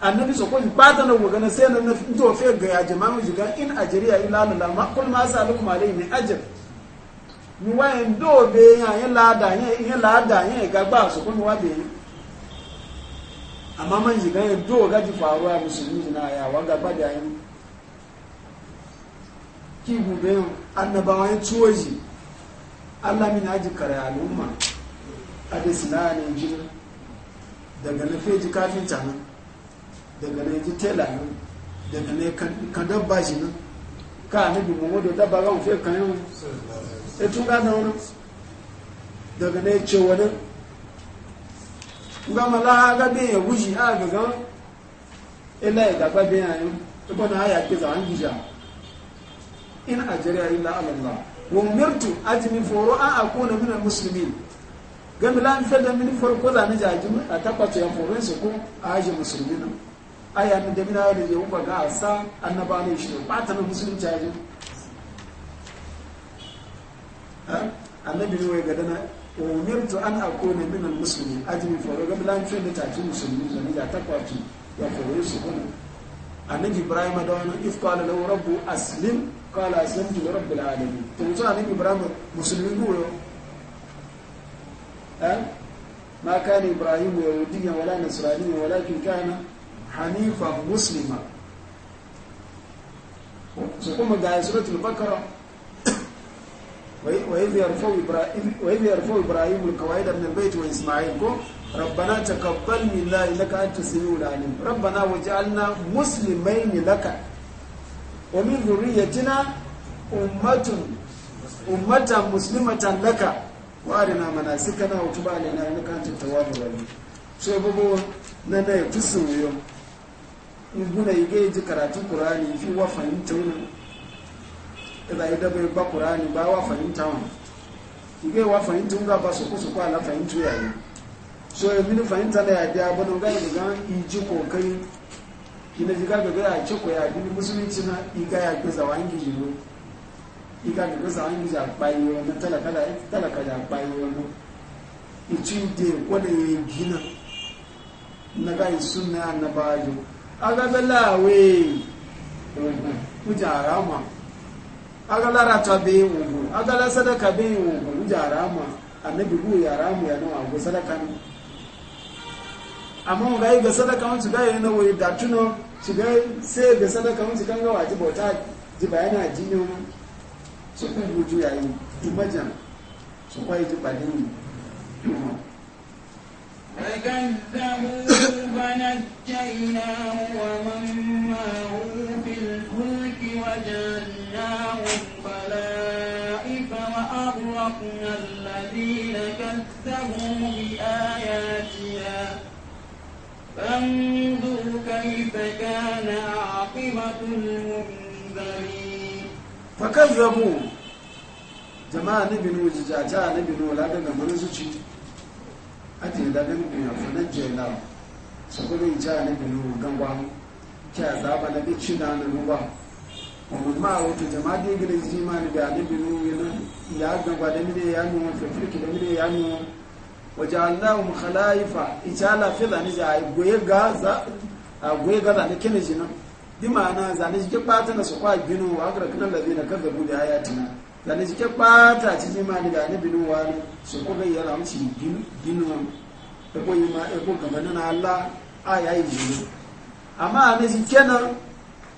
annabi so kun bata na wogana sai na na to fe ga ajama mu jiga in ajiriya ila alalla ma kul ma salukum alayhi min ajr wa en do be ga gba so kun wa amma man shiga yin to gaji faruwa musulmi na ya wanga bada yin ki gube yin annabawa yin tuwoji allah min aji kare al'umma adis na ne jini daga na feji kafin nan daga na ji tela nan daga na ka dabba shi nan ka annabi muhammadu dabba ga mu fe kan yau sai tun gada wani daga na ya ce wani gama laga bin ya wuji a ga ila e ya gaba bin yayin tukwana e ya ke zawon gija in a jariya illa alallah ajimi foro an akuna minan musulmi gami lan fada min farko da ni jaji a tabbata ya foro su ko a haji musulmi aya ni da mina da yau ga asa annaba ne shi ba ta na musulmi jaji annabi ne wai ga dana umirtu an akuna min almuslimin ajmi foro ga bilan fe da taji musulmi ne ya takwaki ya foro su A annabi ibrahim da wani if bu lahu rabbu aslim qala aslamtu li rabbil alamin to a annabi ibrahim musulmi goyo eh ma kana ibrahim ya wala ya nasraniyan walakin kana hanifan muslima Su kuma ga suratul bakara. وإذ يرفع إبراهيم القواعد من البيت وإسماعيل كو ربنا تقبل منا إنك أنت السميع العليم ربنا وجعلنا مسلمين لك ومن ذريتنا أمة أمة مسلمة لك وأرنا مناسكنا وتب علينا إنك أنت التواب الرحيم sai bugu na na ya fi soyo in guna yi gaji karatun ƙurani fi wa fahimta wani da ida bai ba qur'ani ba wa fahimta wa ibe wa fahimta ga ba su kusu kwa la fahimta ya yi so e mini fahimta na ya dia bono ga ga inji kokari kina jiga ga ga ce ko ya dini musulunci na iga ya ga zawangi jiro iga ga zawangi ja bai wannan talaka da talaka ja bai wannan ichi de ko aga belawe kuja agala rata be wugu agala sadaka be wugu uja arama annabi gu ya ramu ya nawa go sadaka ni amma ga ga sadaka wancu ga yana wai da tuno su ga sai ga sadaka wancu kan ga waji bauta ji bayana jini mu su ku guju yayi tumajan su kwai ji badin
فكذبوا فنجيناه ومن معه في الفلك وجعلناه أغرقنا الذين كذبوا بآياتنا فانظر كيف كان عاقبة المنذرين
فكذبوا jama'a na binu jijata na binu la daga manzuci ati da jela su kuma ja na binu gangwa kya zaba na bi cina na ruwa wani ma wata jama'a da gina ji ma da ga alibi nuna ya gaba da mire ya nuna fafirki da mire ya nuna waje allahu mukhalayifa ita lafi zane ji a goye ga zane kene ji nan di ma'ana zane ji kyakkpata na su kwa gino wa akira kinan da zai na kan zabu da ya yatina zane ji kyakkpata ci ji ma da ga ni alibi nuna wani su kuma yi yana yi ma, ya e kuma gaba na allah a yayi gino amma a ne ji kenan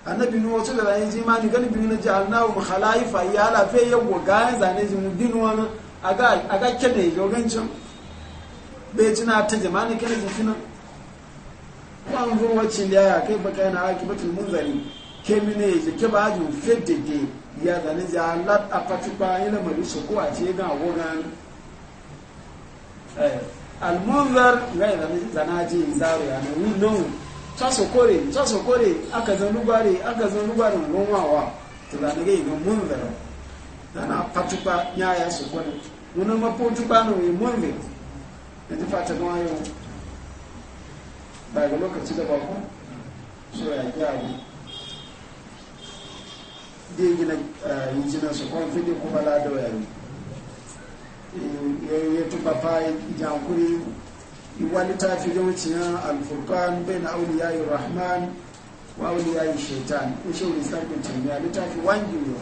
annabi nuwa to da yin jimani gani bi na ja'alna wa khalaifa ya lafe fe yawo ga zane zimu mu dinu wani aga aga kene jogancin bai jina ta jama'a kene jifina ba an zo wacce da ya kai baka yana aki batul munzari kemi mine ya jike ba ajin fedede ya zane ji alat a fatiba yana mai su ko a ce ga wogan eh almunzar ga yi zane zanaji zaru ya ne nun sasokore sasokore aka zan lugare aka zan lugare gonwawa to da nige ga mun da dana patupa nyaya sokore mun ma patupa no yi mun ne da ta fata lokaci da bako so ya ga ni gina eh, injina sokon fide kuma da yayi eh, ya tuba fa jankuri wani tafi yawancin alfurkan bai na auliya yi rahman wa auliya yi shaitan in shi wani sarkin tamiya wangi ne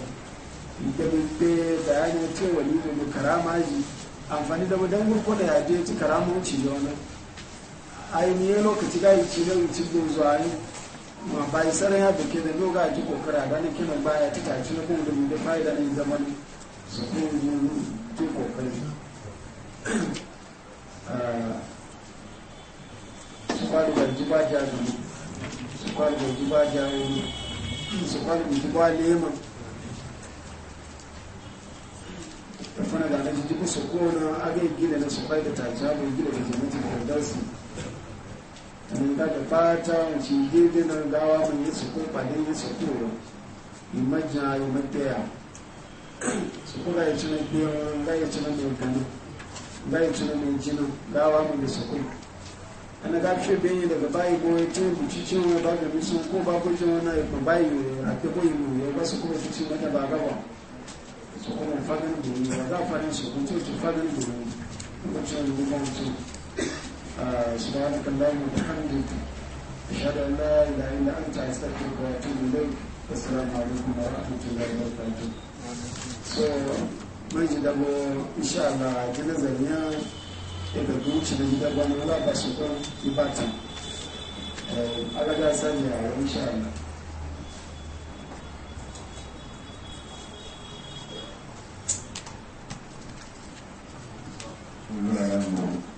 da bebe da ya ne ce wani da karama ji amfani da wadan gurko da yaje ci karamun ci da wani ainihin lokaci ga yi cire wuce da zuwa ma ba yi ya ke da doga ji kokara da nake nan baya ta taci na kuma da mu da fa'ida ne zaman su kuma ji kokari ah, sùpàlù gbàjúbà jáde sùpàlù gbàjúbà jáde sùpàlù gbàjúbà léèmà tafana da alaji duk su kona agai gina na su faida ta jami gina da jami'in firdarsi mun ga da fata wace gida na gawa mun yi su kun kwadin yi su kuro imajina yi mataya su kura ya ci na biyan ga ya ci na mai gani ga ya ci na mai jinin gawa mun yi su kuro ana ga fi benyi daga bayi ko ya ce buci cin wani da bisu ko ba ko cin wani ya kuma bayi a ke koyi mu ya ba su kuma su cin wata ba gaba su kuma fadin domin ba za a fadin su kuma ce fadin domin kuma ce wani gudan mutum a su ba haka damu da da shaɗa na hamdu ashhadu an la ilaha illa anta astaghfiruka wa atubu ilayk assalamu alaikum wa rahmatullahi wa barakatuh so mai ji dabo insha Allah ji nazarin daga zuci da gida wani wala ba shi ko ibatan eh, aga da sani a yau insha
Allah you.